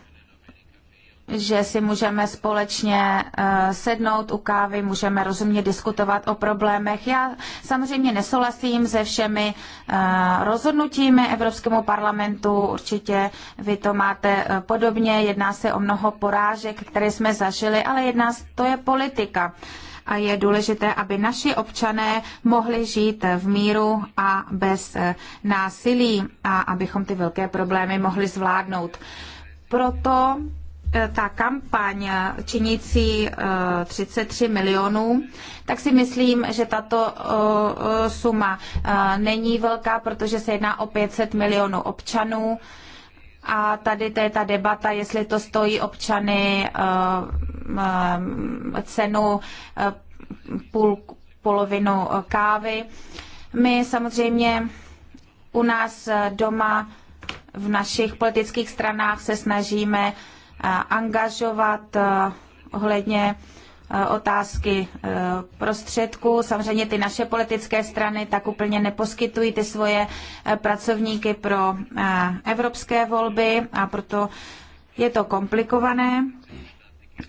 že si můžeme společně eh, sednout u kávy, můžeme rozumně diskutovat o problémech. Já samozřejmě nesouhlasím se všemi eh, rozhodnutími Evropskému parlamentu, určitě vy to máte eh, podobně, jedná se o mnoho porážek, které jsme zažili, ale jedná se, to je politika. A je důležité, aby naši občané mohli žít v míru a bez násilí a abychom ty velké problémy mohli zvládnout. Proto Eh, ta kampaň činící 33 eh, milionů, tak si myslím, že tato eh, suma není velká, protože se jedná o 500 milionů občanů. A tady to je ta debata, jestli to stojí občany cenu půl, polovinu kávy. My samozřejmě u nás doma v našich politických stranách se snažíme uh, angažovat eh, ohledně eh, otázky eh, prostředků. Samozřejmě ty naše politické strany tak úplně neposkytují ty svoje pracovníky pro evropské volby a proto je to komplikované.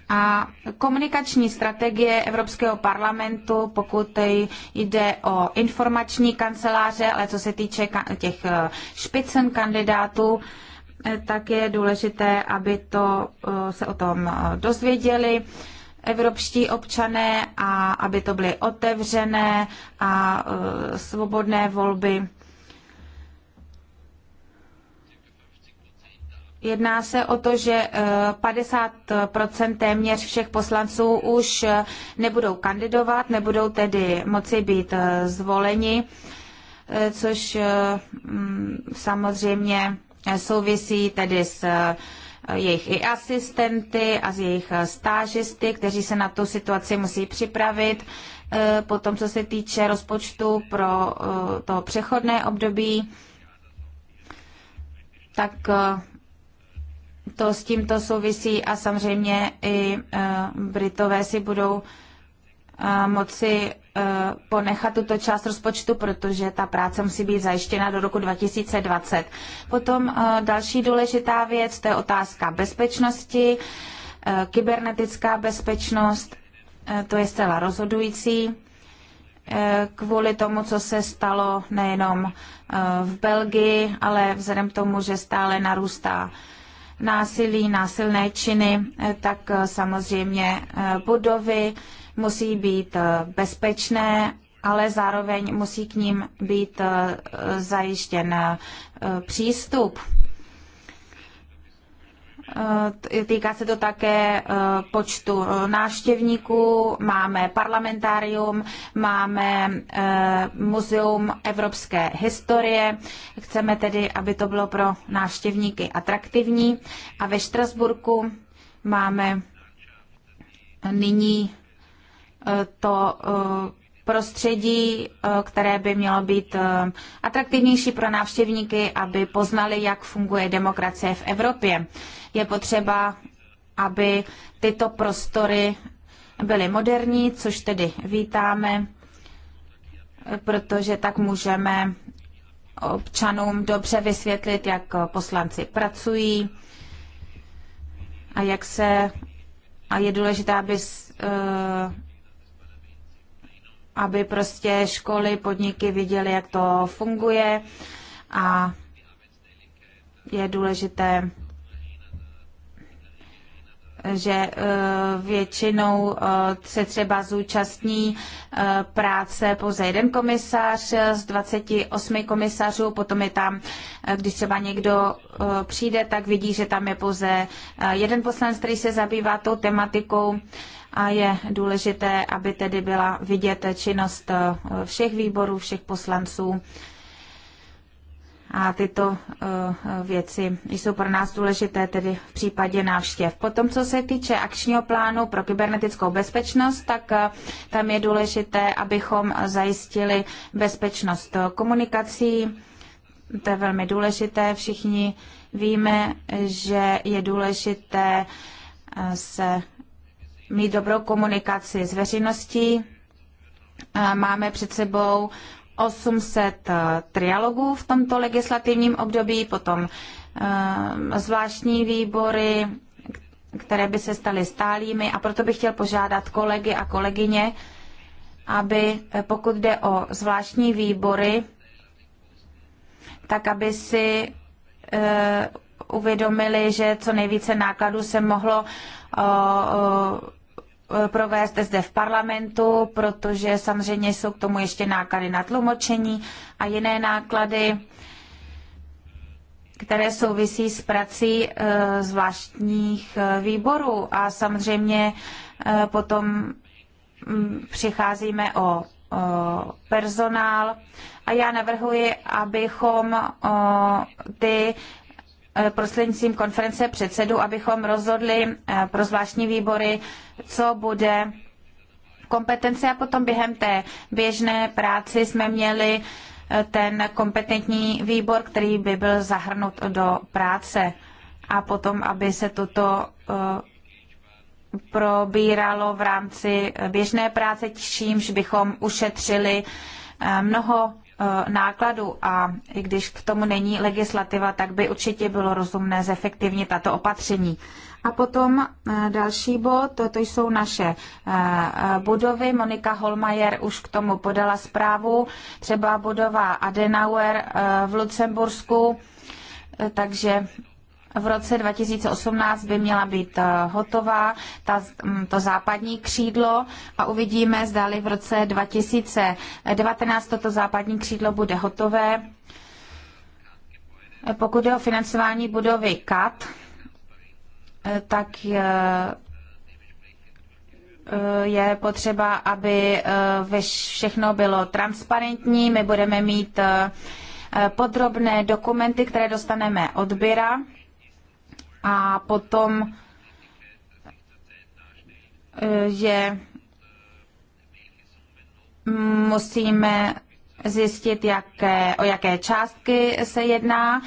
A komunikační strategie Evropského parlamentu, pokud jde o informační kanceláře, ale co se týče těch špicen kandidátů, Eh, tak je důležité, aby to, eh, se o tom eh, dozvěděli evropští občané a aby to byly otevřené a svobodné volby. Jedná se o to, že 50% téměř všech poslanců už nebudou kandidovat, nebudou tedy moci být zvoleni, což mm, samozřejmě Eh, souvisí tedy s eh, jejich i asistenty a s jejich eh, stážisty, kteří se na tu situaci musí připravit. Potom, co se týče rozpočtu pro to přechodné období, tak to s tímto souvisí a samozřejmě i Britové si budou moci eh, ponechat tuto část rozpočtu, protože ta práce musí být zajištěna do roku 2020. Potom eh, další důležitá věc, to je otázka bezpečnosti, eh, kybernetická bezpečnost, to je zcela rozhodující kvůli tomu, co se stalo nejenom v Belgii, ale vzhledem k tomu, že stále narůstá násilí, násilné činy, tak samozřejmě budovy, musí být eh, bezpečné, ale zároveň musí k ním být eh, zajištěn eh, přístup. Týká se to také počtu návštěvníků, máme parlamentárium, máme muzeum evropské historie. Chceme tedy, aby to bylo pro návštěvníky atraktivní. A ve Štrasburku máme nyní E, to e, prostředí, e, které by mělo být atraktivnější pro návštěvníky, aby poznali, jak funguje demokracie v Evropě. Je potřeba, aby tyto prostory byly moderní, což tedy vítáme, protože tak můžeme občanům dobře vysvětlit, jak poslanci pracují a jak se a je důležité, aby s, aby prostě školy, podniky viděly, jak to funguje a je důležité, že eh, většinou eh, se třeba zúčastní eh, práce pouze jeden komisař z 28 komisařů, potom je tam, když třeba někdo přijde, tak vidí, že tam je pouze jeden poslanec, který se zabývá tou tematikou a je důležité, aby tedy byla vidět činnost eh, všech výborů, všech poslanců. A tyto eh, věci jsou pro nás důležité tedy v případě návštěv. Potom, co se týče akčního plánu pro kybernetickou bezpečnost, tak eh, tam je důležité, abychom zajistili bezpečnost komunikací. To je velmi důležité. Všichni víme, že je důležité se mít dobrou komunikaci s veřejností. Máme před sebou 800 eh, trialogů v tomto legislativním období, potom eh, zvláštní výbory, které by se staly stálými a proto bych chtěl požádat kolegy a kolegyně, aby eh, pokud jde o zvláštní výbory, tak aby si uvědomili, že co nejvíce nákladů se mohlo Eh, provést zde v parlamentu, protože samozřejmě jsou k tomu ještě náklady na tlumočení a jiné náklady, které souvisí s prací eh, zvláštních eh, výborů. A samozřejmě potom mm, přicházíme o personál a já navrhuji, abychom ty Eh, prostřednictvím konference předsedů, abychom rozhodli eh, pro zvláštní výbory, co bude kompetence a potom během té běžné práci jsme měli eh, ten kompetentní výbor, který by byl zahrnut do práce a potom, aby se toto probíralo v rámci běžné práce, čímž bychom ušetřili mnoho Eh, nákladů a i když k tomu není legislativa, tak by určitě bylo rozumné zefektivnit tato opatření. A potom eh, další bod, to, jsou naše eh, budovy. Monika Holmajer už k tomu podala zprávu, třeba budova Adenauer v Lucembursku, takže v roce 2018 by měla být eh, hotová ta, mm, to západní křídlo a uvidíme, zdali v roce 2019 toto západní křídlo bude hotové. Eh, pokud je o financování budovy KAT, eh, tak je potřeba, aby všechno bylo transparentní. My budeme mít podrobné dokumenty, které dostaneme od Byra a potom, že eh, musíme zjistit, jaké, o jaké částky se jedná,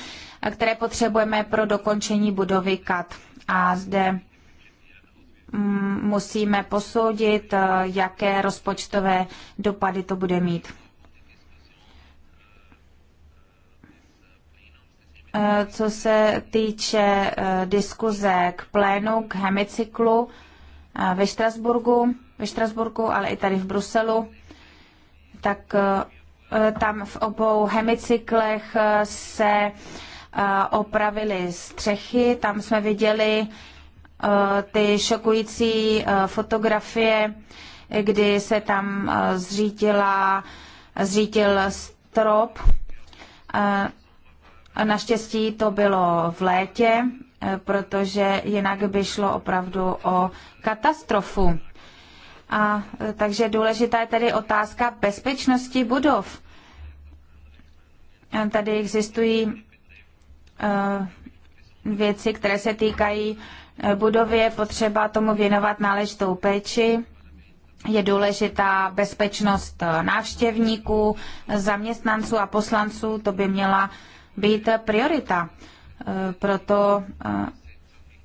které potřebujeme pro dokončení budovy KAT. A zde mm, musíme posoudit, eh, jaké rozpočtové dopady to bude mít. Eh, co se týče eh, diskuze k plénu, k hemicyklu eh, ve Štrasburgu, ve Štrasburgu, ale i tady v Bruselu, tak tam v obou hemicyklech se opravily střechy. Tam jsme viděli ty šokující fotografie, kdy se tam zřítila, zřítil strop Naštěstí to bylo v létě, eh, protože jinak by šlo opravdu o katastrofu. A eh, takže důležitá je tedy otázka bezpečnosti budov. Tady existují uh, věci, které se týkají budovy, je potřeba tomu věnovat náležitou péči. Je důležitá bezpečnost návštěvníků, zaměstnanců a poslanců, to by měla uh, být priorita. E, proto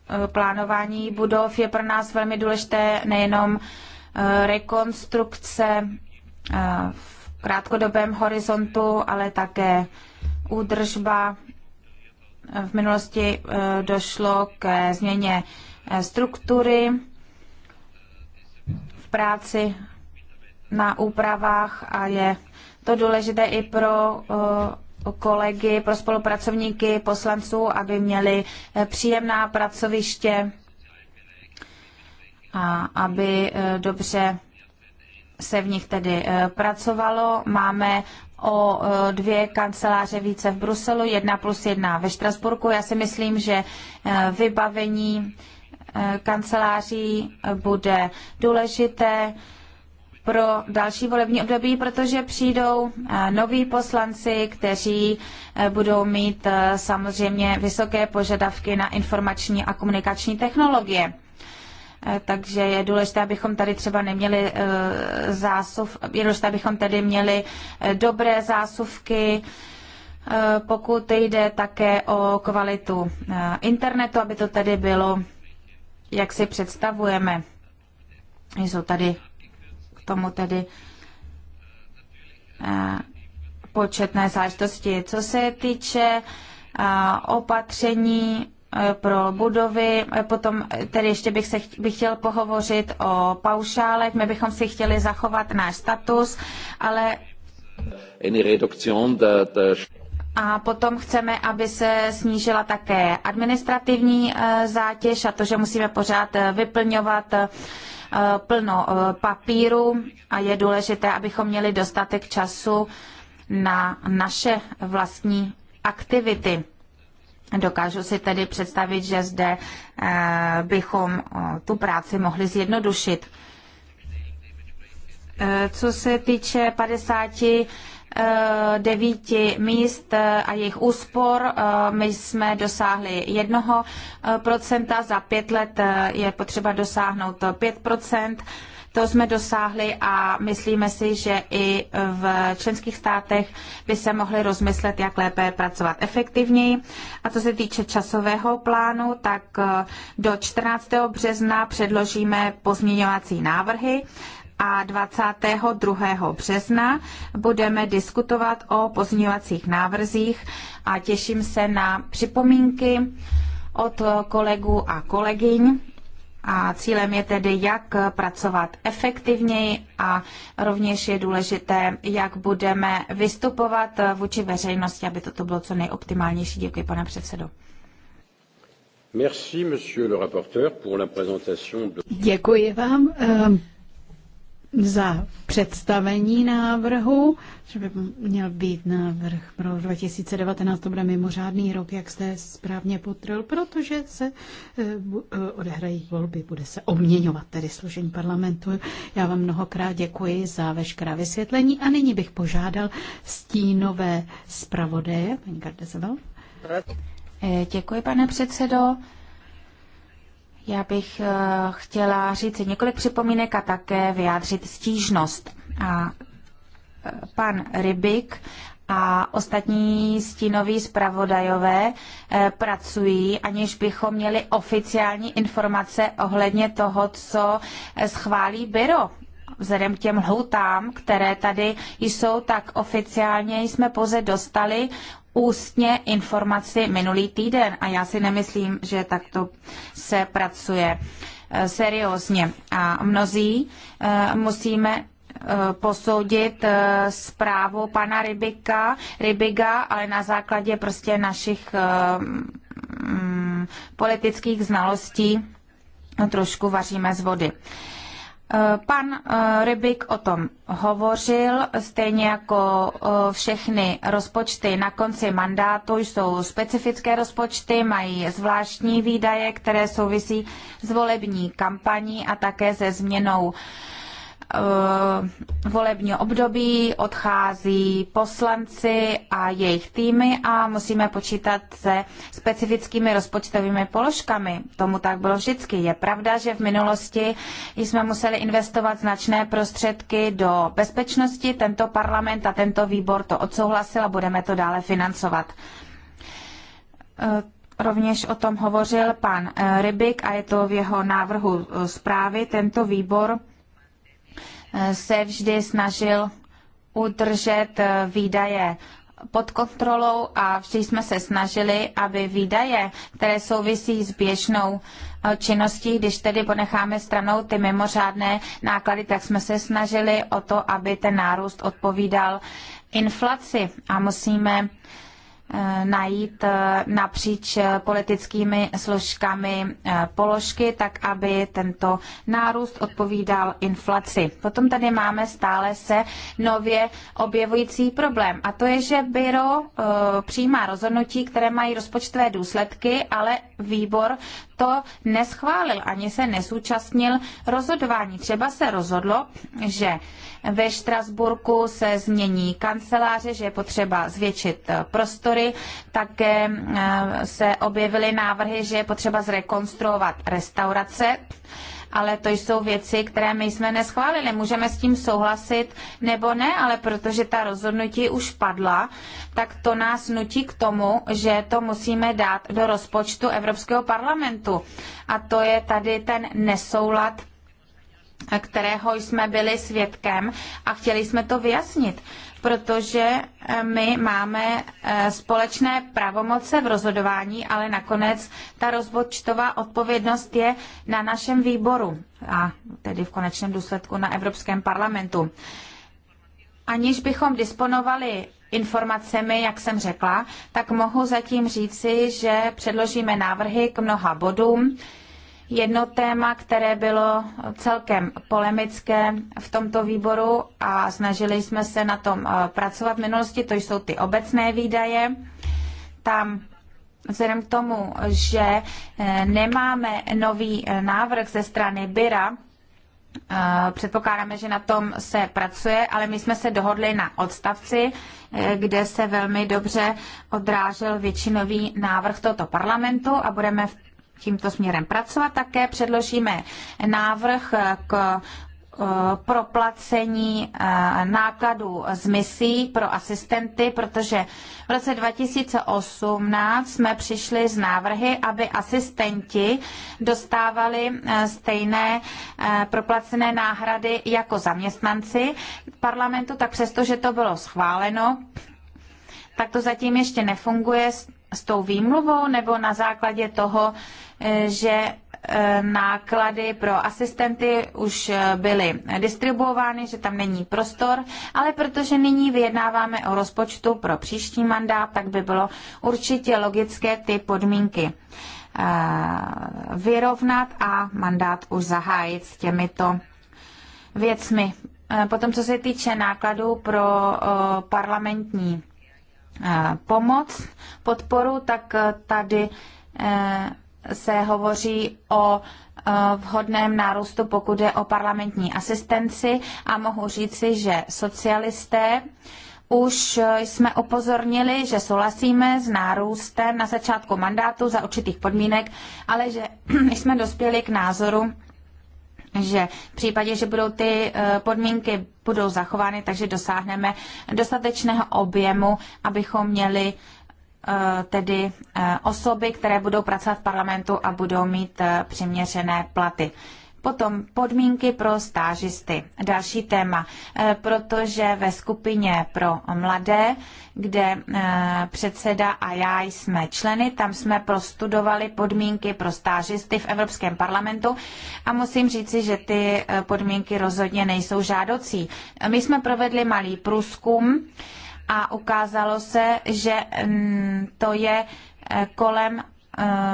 e, plánování budov je pro nás velmi důležité nejenom e, rekonstrukce v krátkodobém horizontu, ale také údržba. V minulosti došlo ke změně struktury v práci na úpravách a je to důležité i pro kolegy, pro spolupracovníky poslanců, aby měli eh, příjemná pracoviště a aby eh, dobře se v nich tedy eh, pracovalo. Máme o dvě kanceláře více v Bruselu, jedna plus jedna ve Štrasburku. Já si myslím, že vybavení kanceláří bude důležité pro další volební období, protože přijdou eh, noví poslanci, kteří eh, budou mít eh, samozřejmě vysoké požadavky na informační a komunikační technologie. Takže je důležité, abychom tady třeba neměli zásuv, je důležité, abychom tady měli dobré zásuvky, pokud jde také o kvalitu internetu, aby to tady bylo, jak si představujeme. Jsou tady tomu tedy eh, početné záležitosti. Co se týče eh, opatření eh, pro budovy. Potom tedy ještě bych, se, bych chtěl pohovořit o paušálech. My bychom si chtěli zachovat náš status, ale... A potom chceme, aby se snížila také administrativní zátěž a to, že musíme pořád vyplňovat Eh, plno eh, papíru a je důležité, abychom měli dostatek času na naše vlastní aktivity. Dokážu si tedy představit, že zde eh, bychom tu práci mohli zjednodušit. Co se týče 50 devíti míst a jejich úspor. Eh, my jsme dosáhli jednoho eh, procenta, za pět let eh, je potřeba dosáhnout pět procent. To jsme dosáhli a myslíme si, že i v členských státech by se mohli rozmyslet, jak lépe pracovat efektivněji. A co se týče časového plánu, tak do 14. března předložíme pozměňovací návrhy a 22. března budeme diskutovat o pozměňovacích návrzích a těším se na připomínky od kolegů a kolegyň. A cílem je tedy, jak pracovat efektivněji a rovněž je důležité, jak budeme vystupovat vůči veřejnosti, aby toto bylo co nejoptimálnější. Děkuji, pane předsedo. Merci, monsieur le rapporteur, pour la présentation de... Děkuji vám. Um za představení návrhu, že by měl být návrh pro 2019, to bude mimořádný rok, jak jste správně potrl, protože se eh, eh, odehrají volby, bude se obměňovat tedy složení parlamentu. Já vám mnohokrát děkuji za veškerá vysvětlení a nyní bych požádal stínové zpravodaje, paní Gardezevel. Eh, děkuji, pane předsedo. Já bych eh, chtěla říct několik připomínek a také vyjádřit stížnost. A eh, pan Rybik a ostatní stínoví zpravodajové eh, pracují, aniž bychom měli oficiální informace ohledně toho, co schválí byro vzhledem k těm lhoutám, které tady jsou, tak oficiálně jsme pouze dostali ústně informaci minulý týden a já si nemyslím, že takto se pracuje eh, seriózně. A mnozí eh, musíme eh, posoudit zprávu pana Rybika, Rybiga, ale na základě prostě našich mm, politických znalostí trošku vaříme z vody. Eh, pan eh, Rybik o tom hovořil, stejně jako eh, všechny rozpočty na konci mandátu jsou specifické rozpočty, mají zvláštní výdaje, které souvisí s volební kampaní a také se změnou Eh, volební období odchází poslanci a jejich týmy a musíme počítat se specifickými rozpočtovými položkami. Tomu tak bylo vždycky. Je pravda, že v minulosti jsme museli investovat značné prostředky do bezpečnosti. Tento parlament a tento výbor to odsouhlasil a budeme to dále financovat. Eh, rovněž o tom hovořil pan eh, Rybik a je to v jeho návrhu zprávy. Tento výbor Eh, se vždy snažil udržet eh, výdaje pod kontrolou a vždy jsme se snažili, aby výdaje, které souvisí s běžnou eh, činností, když tedy ponecháme stranou ty mimořádné náklady, tak jsme se snažili o to, aby ten nárůst odpovídal inflaci a musíme Eh, najít eh, napříč eh, politickými složkami položky, tak aby tento nárůst odpovídal inflaci. Potom tady máme stále se nově objevující problém a to je, že byro přijímá rozhodnutí, které mají rozpočtové důsledky, ale výbor to neschválil, ani se nesúčastnil rozhodování. Třeba se rozhodlo, že ve Štrasburku se změní kanceláře, že je potřeba zvětšit eh, prostory, také eh, se objevily návrhy, že je potřeba zrekonstruovat restaurace ale to jsou věci, které my jsme neschválili. Můžeme s tím souhlasit nebo ne, ale protože ta rozhodnutí už padla, tak to nás nutí k tomu, že to musíme dát do rozpočtu Evropského parlamentu. A to je tady ten nesoulad kterého jsme byli svědkem a chtěli jsme to vyjasnit protože eh, my máme eh, společné pravomoce v rozhodování, ale nakonec ta rozpočtová odpovědnost je na našem výboru a tedy v konečném důsledku na Evropském parlamentu. Aniž bychom disponovali informacemi, jak jsem řekla, tak mohu zatím říci, že předložíme návrhy k mnoha bodům, jedno téma, které bylo celkem polemické v tomto výboru a snažili jsme se na tom eh, pracovat v minulosti, to jsou ty obecné výdaje. Tam vzhledem k tomu, že eh, nemáme nový eh, návrh ze strany Byra, Předpokládáme, že na tom se pracuje, ale my jsme se dohodli na odstavci, kde se velmi dobře odrážel většinový návrh tohoto parlamentu a budeme v tímto směrem pracovat. Také předložíme návrh k eh, proplacení eh, nákladů z misí pro asistenty, protože v roce 2018 jsme přišli z návrhy, aby asistenti dostávali eh, stejné proplacené náhrady jako zaměstnanci parlamentu, tak přesto, že to bylo schváleno, tak to zatím ještě nefunguje s tou výmluvou nebo na základě toho, eh, že eh, náklady pro asistenty už eh, byly distribuovány, že tam není prostor, ale protože nyní vyjednáváme o rozpočtu pro příští mandát, tak by bylo určitě logické ty podmínky vyrovnat a mandát už zahájit s těmito věcmi. Potom, co se týče nákladů pro parlamentní pomoc, podporu, tak eh, tady eh, se hovoří o eh, vhodném nárůstu, pokud je o parlamentní asistenci a mohu říci, že socialisté už jsme upozornili, že souhlasíme s nárůstem na začátku mandátu za určitých podmínek, ale že <clears throat> jsme dospěli k názoru, že v případě, že budou ty eh, podmínky budou zachovány, takže dosáhneme dostatečného objemu, abychom měli eh, tedy eh, osoby, které budou pracovat v parlamentu a budou mít přiměřené platy. Potom podmínky pro stážisty. Další téma, eh, protože ve skupině pro mladé, kde eh, předseda a já jsme členy, tam jsme prostudovali podmínky pro stážisty v Evropském parlamentu a musím říci, že ty eh, podmínky rozhodně nejsou žádoucí. My jsme provedli malý průzkum a ukázalo se, že mm, to je kolem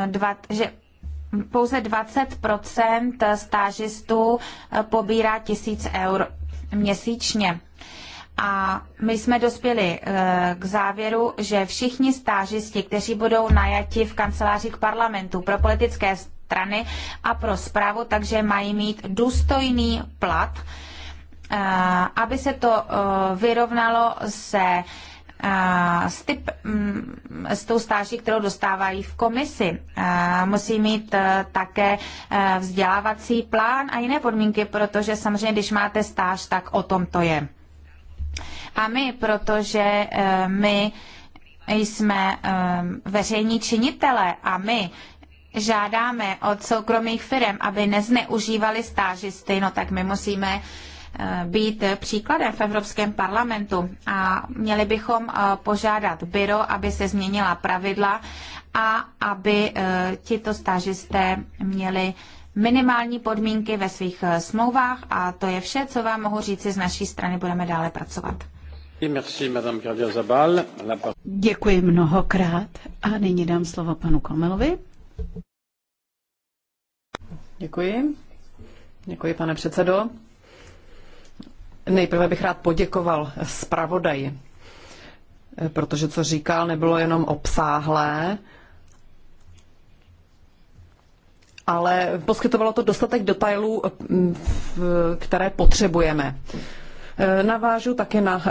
dva, že pouze 20 stážistů eh, pobírá 1000 eur měsíčně. A my jsme dospěli eh, k závěru, že všichni stážisti, kteří budou najati v kancelářích parlamentu pro politické strany a pro zprávu, takže mají mít důstojný plat, eh, aby se to vyrovnalo se s, typ, mm, s tou stáží, kterou dostávají v komisi. Musí mít e, také e, vzdělávací plán a jiné podmínky, protože samozřejmě, když máte stáž, tak o tom to je. A my, protože e, my jsme veřejní činitele a my žádáme od soukromých firm, aby nezneužívali stážisty, no tak my musíme uh, být příkladem v Evropském parlamentu a měli bychom eh, požádat byro, aby se změnila pravidla a aby eh, tito stážisté měli minimální podmínky ve svých eh, smlouvách a to je vše, co vám mohu říci z naší strany, budeme dále pracovat. Děkuji mnohokrát a nyní dám slovo panu Komelovi. Děkuji. Děkuji, pane předsedo. Nejprve bych rád poděkoval zpravodaji, protože co říkal, nebylo jenom obsáhlé, ale poskytovalo to dostatek detailů, které potřebujeme. Navážu také na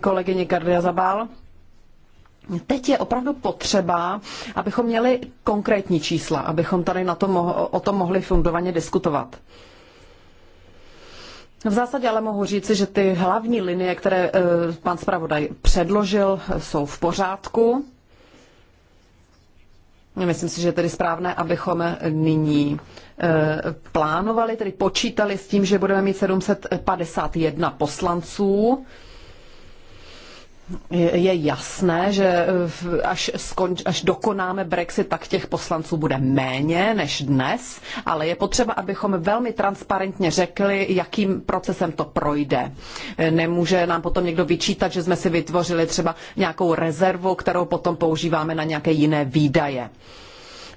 kolegyni Kardia Zabal. Teď je opravdu potřeba, abychom měli konkrétní čísla, abychom tady na to, o tom mohli fundovaně diskutovat. V zásadě ale mohu říci, že ty hlavní linie, které eh, pan zpravodaj předložil, jsou v pořádku. Myslím si, že je tedy správné, abychom nyní eh, plánovali, tedy počítali s tím, že budeme mít 751 poslanců je jasné, že eh, až, skonč, až dokonáme Brexit, tak těch poslanců bude méně než dnes, ale je potřeba, abychom velmi transparentně řekli, jakým procesem to projde. Eh, nemůže nám potom někdo vyčítat, že jsme si vytvořili třeba nějakou rezervu, kterou potom používáme na nějaké jiné výdaje.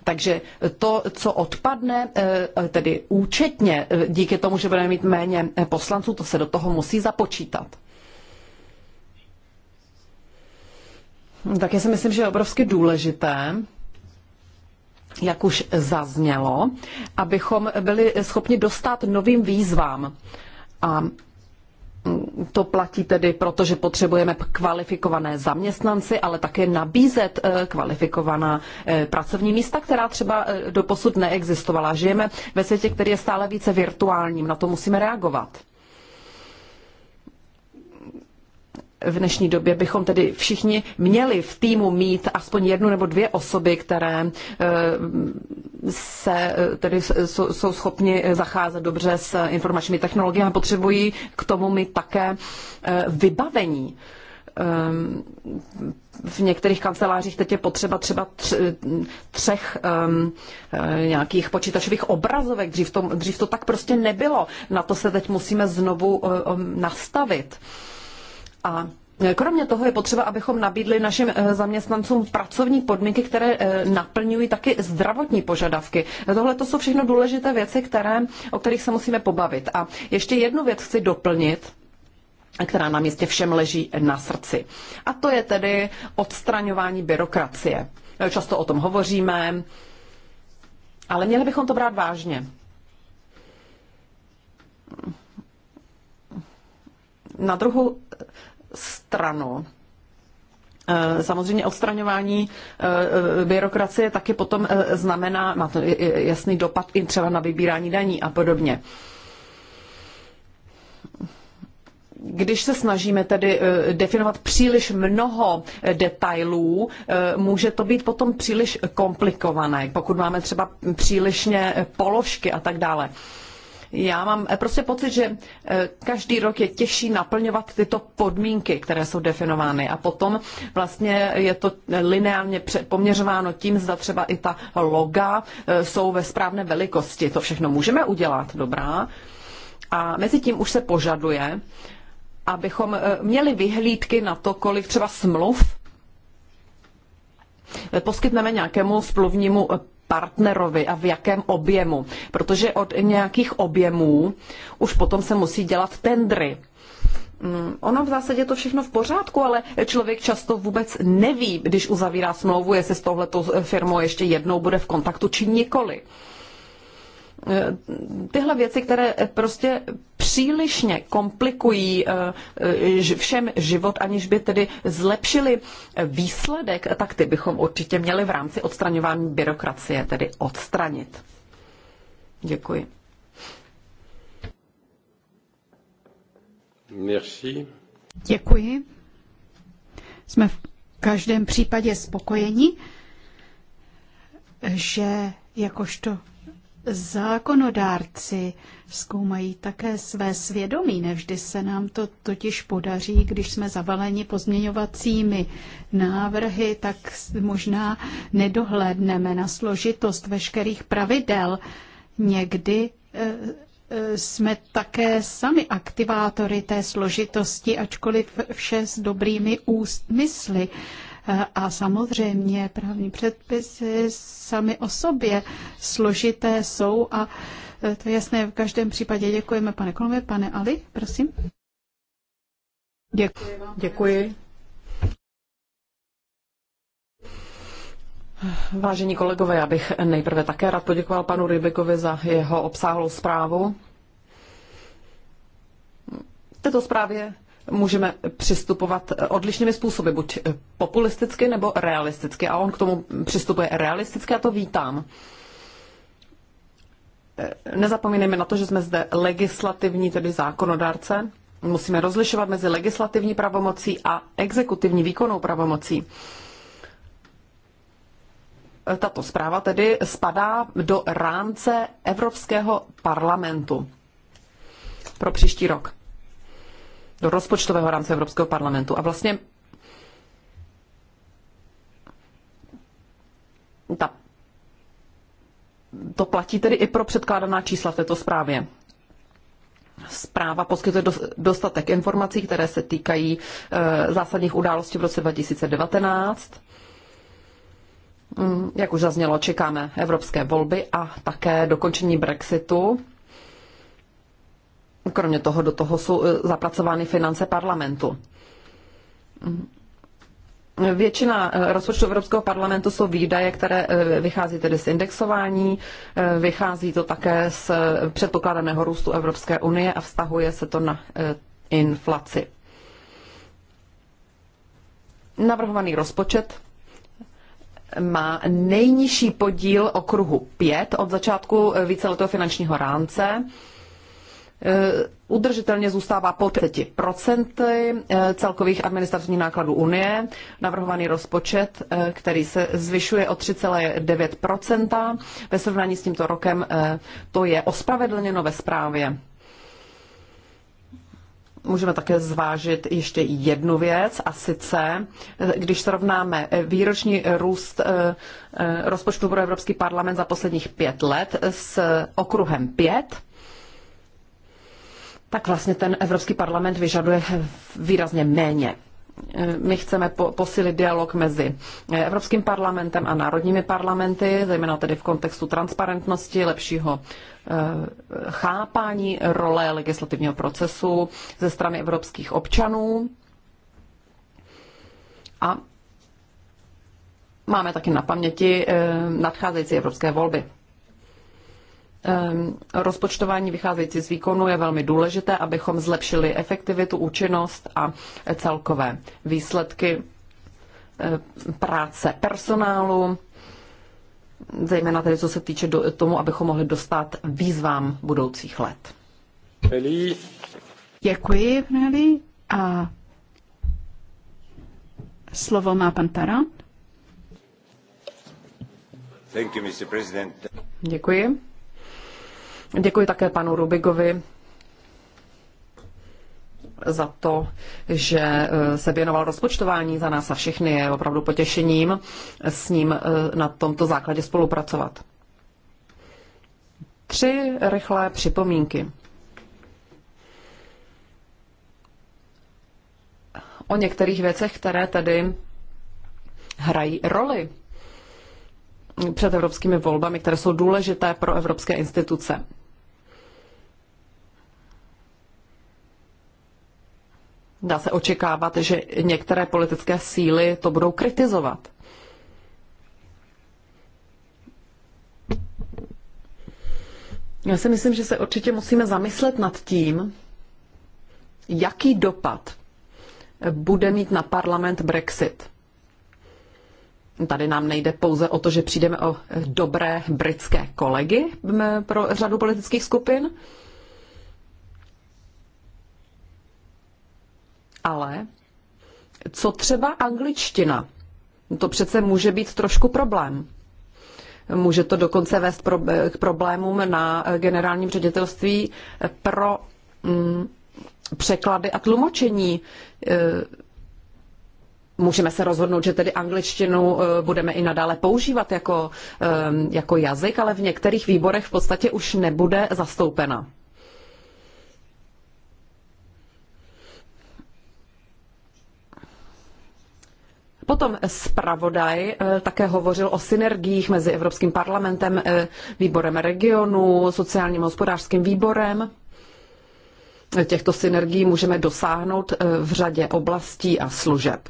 Takže to, co odpadne, eh, tedy účetně, díky tomu, že budeme mít méně poslanců, to se do toho musí započítat. No, tak já si myslím, že je obrovsky důležité, jak už zaznělo, abychom byli schopni dostat novým výzvám. A to platí tedy proto, že potřebujeme kvalifikované zaměstnanci, ale také nabízet eh, kvalifikovaná eh, pracovní místa, která třeba eh, do posud neexistovala. Žijeme ve světě, který je stále více virtuálním, na to musíme reagovat. v dnešní době bychom tedy všichni měli v týmu mít aspoň jednu nebo dvě osoby, které eh, se eh, tedy jsou, jsou schopni zacházet dobře s informačními technologiemi a potřebují k tomu mít také eh, vybavení ehm, v některých kancelářích teď je potřeba třeba třech um, nějakých počítačových obrazovek. Dřív to, dřív to tak prostě nebylo. Na to se teď musíme znovu um, nastavit. Um, a e, Kromě toho je potřeba, abychom nabídli našim e, zaměstnancům pracovní podmínky, které e, naplňují taky zdravotní požadavky. Tohle to jsou všechno důležité věci, které, o kterých se musíme pobavit. A ještě jednu věc chci doplnit, která nám jistě všem leží na srdci. A to je tedy odstraňování byrokracie. Často o tom hovoříme, ale měli bychom to brát vážně na druhou stranu. Eh, samozřejmě odstraňování eh, eh, byrokracie taky potom znamená, má to jasný dopad i třeba na vybírání daní a podobně. Když se snažíme tedy definovat příliš mnoho detailů, může to být potom příliš komplikované, pokud máme třeba přílišně položky a tak dále. Já mám eh, prostě pocit, že eh, každý rok je těžší naplňovat tyto podmínky, které jsou definovány a potom vlastně je to eh, lineárně poměřováno tím, zda třeba i ta loga jsou ve správné velikosti. To všechno můžeme udělat, dobrá. A mezi tím už se požaduje, abychom měli vyhlídky na to, kolik třeba smluv poskytneme nějakému splovnímu partnerovi a v jakém objemu. Protože od nějakých objemů už potom se musí dělat tendry. Mm, ono v zásadě to všechno v pořádku, ale člověk často vůbec neví, když uzavírá smlouvu, jestli s touhletou firmou ještě jednou bude v kontaktu či nikoli. Eh, tyhle věci, které prostě přílišně komplikují eh, eh, všem život, aniž by tedy zlepšili výsledek, tak ty bychom určitě měli v rámci odstraňování byrokracie tedy odstranit. Děkuji. Merci. Děkuji. Jsme v každém případě spokojeni, že jakožto Zákonodárci zkoumají také své svědomí. Nevždy se nám to totiž podaří, když jsme zavaleni pozměňovacími návrhy, tak možná nedohlédneme na složitost veškerých pravidel. Někdy eh, eh, jsme také sami aktivátory té složitosti, ačkoliv vše s dobrými ústmysly. mysli a samozřejmě právní předpisy sami o sobě složité jsou a e, to je jasné v každém případě. Děkujeme, pane Kolme. Pane Ali, prosím. Děkuji Děkuji. Vážení kolegové, já bych nejprve také rád poděkoval panu Rybekovi za jeho obsáhlou zprávu. V této zprávě můžeme přistupovat odlišnými způsoby, buď populisticky nebo realisticky. A on k tomu přistupuje realisticky a to vítám. Nezapomínejme na to, že jsme zde legislativní, tedy zákonodárce. Musíme rozlišovat mezi legislativní pravomocí a exekutivní výkonnou pravomocí. Tato zpráva tedy spadá do rámce Evropského parlamentu pro příští rok do rozpočtového rámce Evropského parlamentu. A vlastně ta, to platí tedy i pro předkládaná čísla v této zprávě. Zpráva poskytuje dostatek informací, které se týkají e, zásadních událostí v roce 2019. Mm, jak už zaznělo, čekáme evropské volby a také dokončení Brexitu. Kromě toho do toho jsou e, zapracovány finance parlamentu. Většina e, rozpočtu Evropského parlamentu jsou výdaje, které e, vychází tedy z indexování, vychází to také z předpokládaného růstu Evropské unie a vztahuje se to na inflaci. Navrhovaný rozpočet má nejnižší podíl okruhu 5 od začátku víceletého finančního rámce Eh, udržitelně zůstává pod 30% eh, celkových administrativních nákladů Unie. Navrhovaný rozpočet, eh, který se zvyšuje o 3,9% ve srovnání s tímto rokem, to je ospravedlněno ve zprávě. Můžeme také zvážit ještě jednu věc, a sice, když srovnáme výroční růst rozpočtu pro Evropský parlament za posledních pět let s okruhem pět tak vlastně ten Evropský parlament vyžaduje výrazně méně. My chceme po, posílit dialog mezi Evropským parlamentem a národními parlamenty, zejména tedy v kontextu transparentnosti, lepšího eh, chápání role legislativního procesu ze strany evropských občanů. A máme taky na paměti eh, nadcházející evropské volby. Ehm, rozpočtování vycházející z výkonu je velmi důležité, abychom zlepšili efektivitu, účinnost a celkové výsledky ehm, práce personálu, zejména tedy co se týče do, tomu, abychom mohli dostat výzvám budoucích let. Eli. Děkuji, Pneli. A slovo má pan Taran. Thank you, Mr. President. Děkuji. Děkuji také panu Rubigovi za to, že e, se věnoval rozpočtování za nás a všechny je opravdu potěšením s ním e, na tomto základě spolupracovat. Tři rychlé připomínky. O některých věcech, které tedy hrají roli před evropskými volbami, které jsou důležité pro evropské instituce. dá se očekávat, že některé politické síly to budou kritizovat. Já si myslím, že se určitě musíme zamyslet nad tím, jaký dopad bude mít na parlament Brexit. Tady nám nejde pouze o to, že přijdeme o dobré britské kolegy pro řadu politických skupin, Ale co třeba angličtina? To přece může být trošku problém. Může to dokonce vést pro, k problémům na generálním ředitelství pro mm, překlady a tlumočení. E, můžeme se rozhodnout, že tedy angličtinu e, budeme i nadále používat jako, e, jako jazyk, ale v některých výborech v podstatě už nebude zastoupena. Potom zpravodaj eh, také hovořil o synergiích mezi Evropským parlamentem, eh, výborem regionu, sociálním a hospodářským výborem. Těchto synergií můžeme dosáhnout eh, v řadě oblastí a služeb.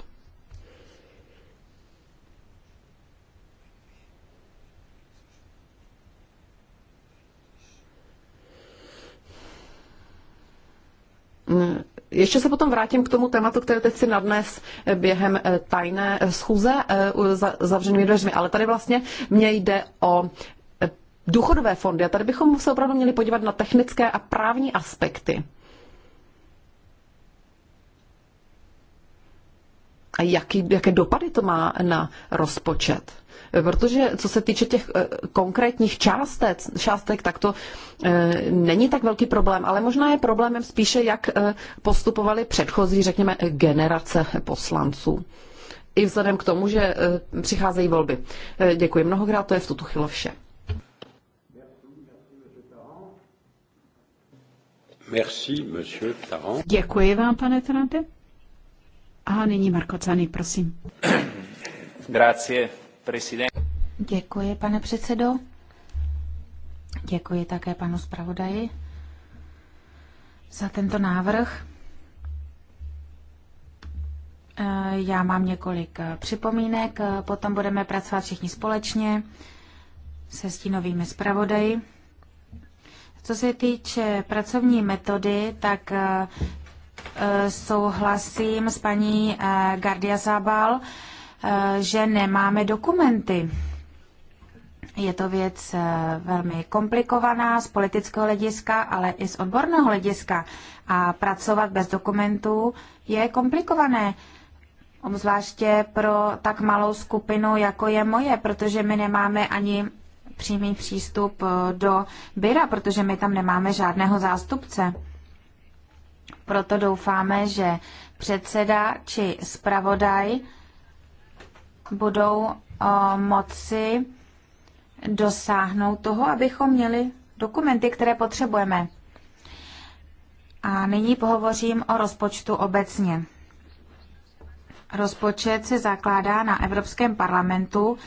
Mm ještě se potom vrátím k tomu tématu, které teď si nadnes během eh, tajné eh, schůze eh, za zavřenými dveřmi, ale tady vlastně mě jde o důchodové fondy a tady bychom se opravdu měli podívat na technické a právní aspekty. A jaký, jaké dopady to má na rozpočet? protože co se týče těch eh, konkrétních částek, částek tak to eh, není tak velký problém, ale možná je problémem spíše, jak eh, postupovali předchozí, řekněme, generace poslanců. I vzhledem k tomu, že přicházejí volby. Děkuji mnohokrát, to je v tuto chvíli vše. Merci, monsieur Tarant. Děkuji vám, pane Tarante. A nyní Marko Cany, prosím. Grazie. Děkuji, pane předsedo. Děkuji také panu zpravodaji za tento návrh. Eh, já mám několik eh, připomínek, eh, potom budeme pracovat všichni společně se stínovými zpravodaji. Co se týče pracovní metody, tak souhlasím s paní Gardia Zabal Eh, že nemáme dokumenty. Je to věc eh, velmi komplikovaná z politického hlediska, ale i z odborného hlediska. A pracovat bez dokumentů je komplikované, obzvláště pro tak malou skupinu, jako je moje, protože my nemáme ani přímý přístup eh, do byra, protože my tam nemáme žádného zástupce. Proto doufáme, že předseda či zpravodaj budou eh, moci dosáhnout toho, abychom měli dokumenty, které potřebujeme. A nyní pohovořím o rozpočtu obecně. Rozpočet se zakládá na Evropském parlamentu,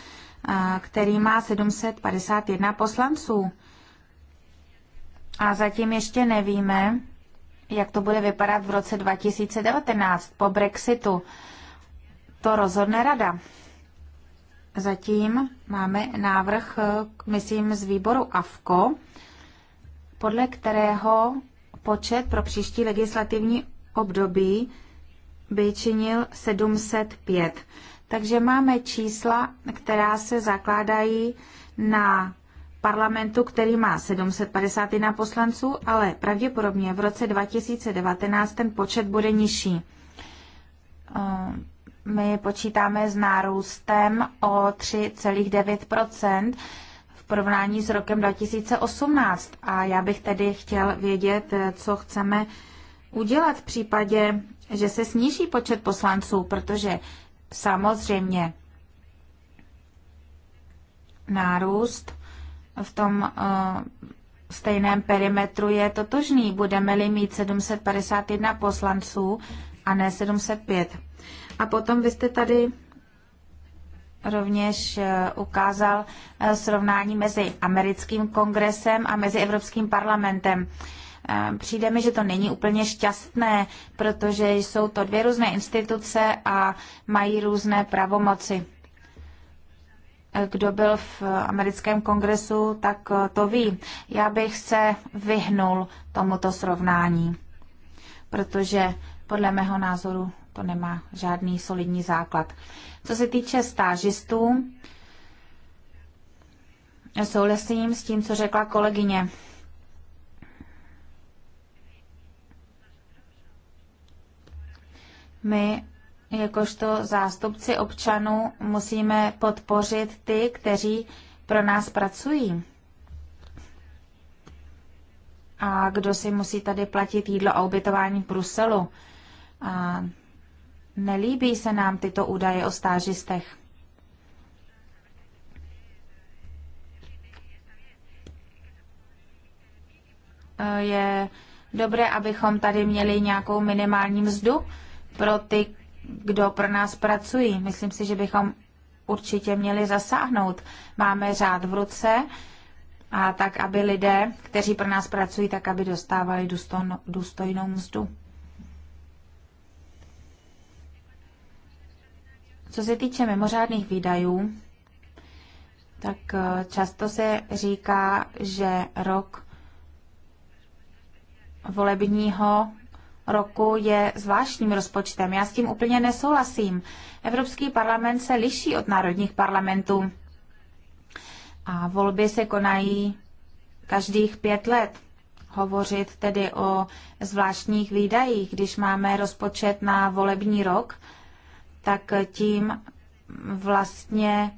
eh, který má 751 poslanců. A zatím ještě nevíme, jak to bude vypadat v roce 2019 po Brexitu. To rozhodne rada. Zatím máme návrh, eh, myslím, z výboru AFKO, podle kterého počet pro příští legislativní období by činil 705. Takže máme čísla, která se zakládají na parlamentu, který má 751 poslanců, ale pravděpodobně v roce 2019 ten počet bude nižší eh, my počítáme s nárůstem o 3,9 v porovnání s rokem 2018. A já bych tedy chtěl vědět, co chceme udělat v případě, že se sníží počet poslanců, protože samozřejmě nárůst v tom eh, stejném perimetru je totožný. Budeme-li mít 751 poslanců a ne 705. A potom vy jste tady rovněž eh, ukázal eh, srovnání mezi americkým kongresem a mezi Evropským parlamentem. Eh, přijde mi, že to není úplně šťastné, protože jsou to dvě různé instituce a mají různé pravomoci. Kdo byl v americkém kongresu, tak to ví. Já bych se vyhnul tomuto srovnání, protože podle mého názoru to nemá žádný solidní základ. Co se týče stážistů, souhlasím s tím, co řekla kolegyně. My, jakožto zástupci občanů, musíme podpořit ty, kteří pro nás pracují. A kdo si musí tady platit jídlo a ubytování v Bruselu? A Nelíbí se nám tyto údaje o stážistech. Je dobré, abychom tady měli nějakou minimální mzdu pro ty, kdo pro nás pracují. Myslím si, že bychom určitě měli zasáhnout. Máme řád v ruce a tak, aby lidé, kteří pro nás pracují, tak aby dostávali důstojnou mzdu. Co se týče mimořádných výdajů, tak eh, často se říká, že rok volebního roku je zvláštním rozpočtem. Já s tím úplně nesouhlasím. Evropský parlament se liší od národních parlamentů a volby se konají každých pět let. Hovořit tedy o zvláštních výdajích, když máme rozpočet na volební rok, tak tím vlastně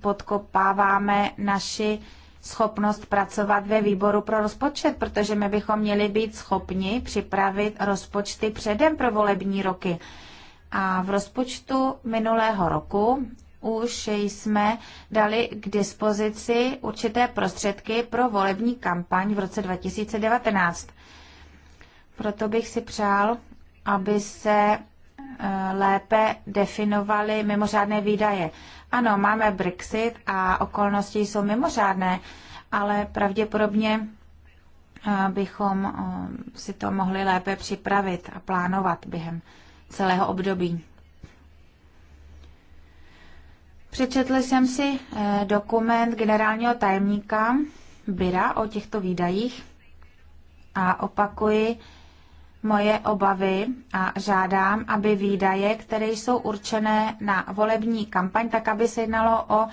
podkopáváme naši schopnost pracovat ve výboru pro rozpočet, protože my bychom měli být schopni připravit rozpočty předem pro volební roky. A v rozpočtu minulého roku už jsme dali k dispozici určité prostředky pro volební kampaň v roce 2019. Proto bych si přál, aby se Eh, lépe definovali mimořádné výdaje. Ano, máme Brexit a okolnosti jsou mimořádné, ale pravděpodobně eh, bychom eh, si to mohli lépe připravit a plánovat během celého období. Přečetl jsem si dokument generálního tajemníka Byra o těchto výdajích a opakuji, moje obavy a žádám, aby výdaje, které jsou určené na volební kampaň, tak aby se jednalo o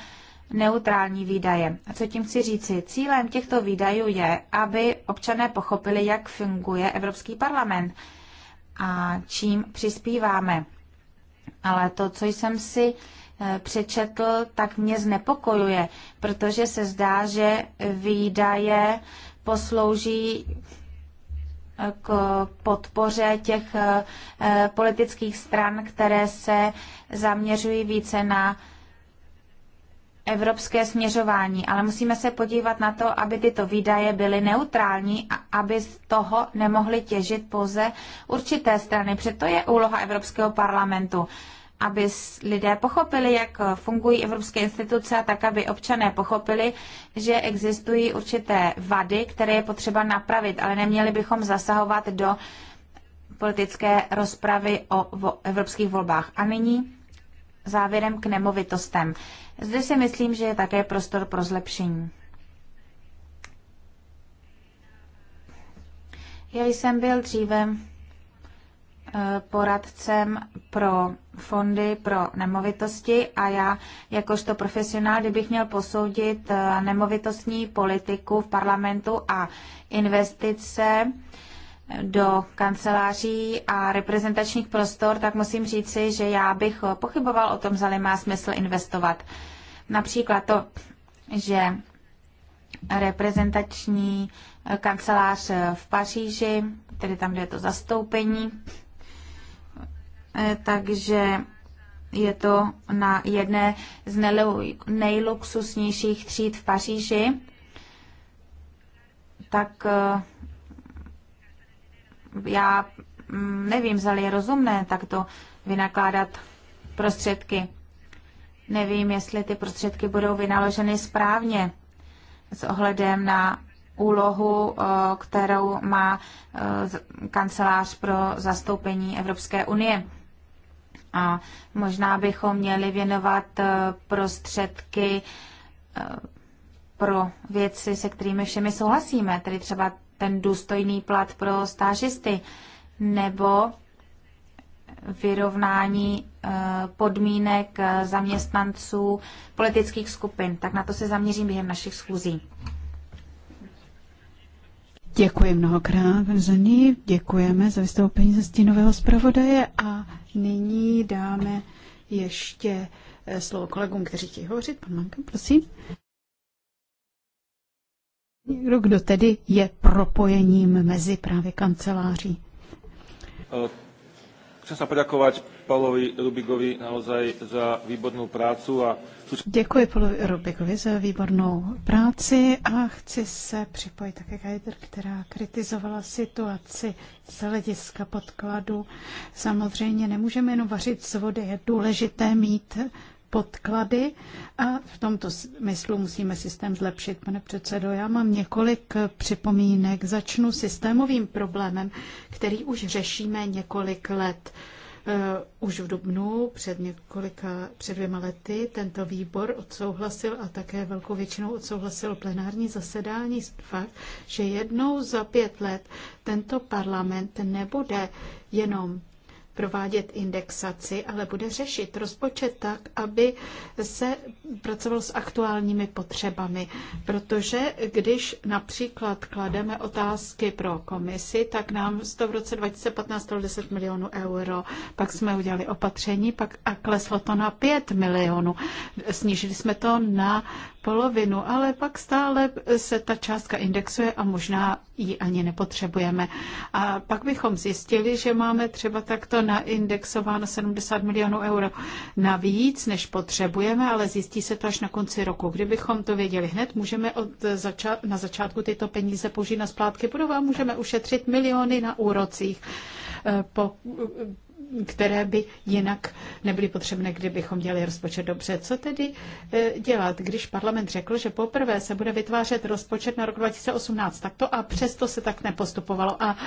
neutrální výdaje. A co tím chci říci? Cílem těchto výdajů je, aby občané pochopili, jak funguje Evropský parlament a čím přispíváme. Ale to, co jsem si eh, přečetl, tak mě znepokojuje, protože se zdá, že výdaje poslouží k podpoře těch eh, eh, politických stran, které se zaměřují více na evropské směřování, ale musíme se podívat na to, aby tyto výdaje byly neutrální a aby z toho nemohly těžit pouze určité strany. Přeto je úloha Evropského parlamentu aby lidé pochopili, jak eh, fungují evropské instituce a tak, aby občané pochopili, že existují určité vady, které je potřeba napravit, ale neměli bychom zasahovat do politické rozpravy o evropských volbách. A nyní závěrem k nemovitostem. Zde si myslím, že je také prostor pro zlepšení. Já jsem byl dříve eh, poradcem pro fondy pro nemovitosti a já jakožto profesionál, kdybych měl posoudit eh, nemovitostní politiku v parlamentu a investice do kanceláří a reprezentačních prostor, tak musím říci, že já bych eh, pochyboval o tom, zda má smysl investovat. Například to, že reprezentační eh, kancelář v Paříži, tedy tam, kde je to zastoupení, Eh, takže je to na jedné z nejluxusnějších tříd v Paříži. Tak eh, já mm, nevím, zda je rozumné takto vynakládat prostředky. Nevím, jestli ty prostředky budou vynaloženy správně s ohledem na úlohu, eh, kterou má kancelář pro zastoupení Evropské unie. A možná bychom měli věnovat eh, prostředky eh, pro věci, se kterými všemi souhlasíme, tedy třeba ten důstojný plat pro stážisty nebo vyrovnání eh, podmínek zaměstnanců politických skupin. Tak na to se zaměřím během našich schůzí. Děkuji mnohokrát, Zení. Děkujeme za vystoupení ze stínového zpravodaje a nyní dáme ještě eh, slovo kolegům, kteří chtějí hovořit. Pan Manka, prosím. Někdo, kdo tedy je propojením mezi právě kanceláří. Eh, Chcem sa poďakovať Pavlovi Rubigovi naozaj za výbornú prácu a Děkuji Pavlovi Rubigovi za výbornou práci a chci se připojit také Gajder, která kritizovala situaci z hlediska podkladu. Samozřejmě nemůžeme jenom vařit z vody, je důležité mít podklady a v tomto smyslu musíme systém zlepšit. Pane předsedo, já mám několik připomínek. Začnu systémovým problémem, který už řešíme několik let. Eh, už v Dubnu před, několika, před dvěma lety tento výbor odsouhlasil a také velkou většinou odsouhlasil plenární zasedání fakt, že jednou za pět let tento parlament nebude jenom provádět indexaci, ale bude řešit rozpočet tak, aby se pracoval s aktuálními potřebami. Protože když například klademe otázky pro komisi, tak nám to v roce 2015 stalo 10 milionů euro, pak jsme udělali opatření pak a kleslo to na 5 milionů. Snížili jsme to na polovinu, ale pak stále se ta částka indexuje a možná ji ani nepotřebujeme. A pak bychom zjistili, že máme třeba takto naindexováno 70 milionů euro navíc, než potřebujeme, ale zjistí se to až na konci roku. Kdybychom to věděli hned, můžeme od zača- na začátku tyto peníze použít na splátky budova, a můžeme ušetřit miliony na úrocích. Eh, po které by jinak nebyly potřebné, kdybychom dělali rozpočet dobře. Co tedy eh, dělat, když parlament řekl, že poprvé se bude vytvářet rozpočet na rok 2018 takto a přesto se tak nepostupovalo a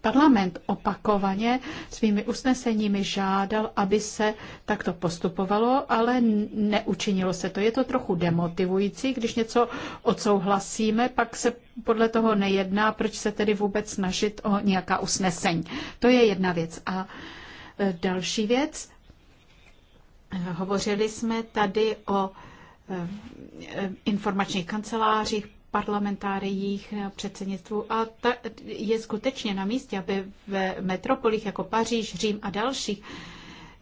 parlament opakovaně svými usneseními žádal, aby se takto postupovalo, ale neučinilo se to. Je to trochu demotivující, když něco odsouhlasíme, pak se podle toho nejedná, proč se tedy vůbec snažit o nějaká usnesení. To je jedna věc. A Další věc. Hovořili jsme tady o eh, informačních kancelářích, parlamentáriích, předsednictvu a ta je skutečně na místě, aby v metropolích jako Paříž, Řím a dalších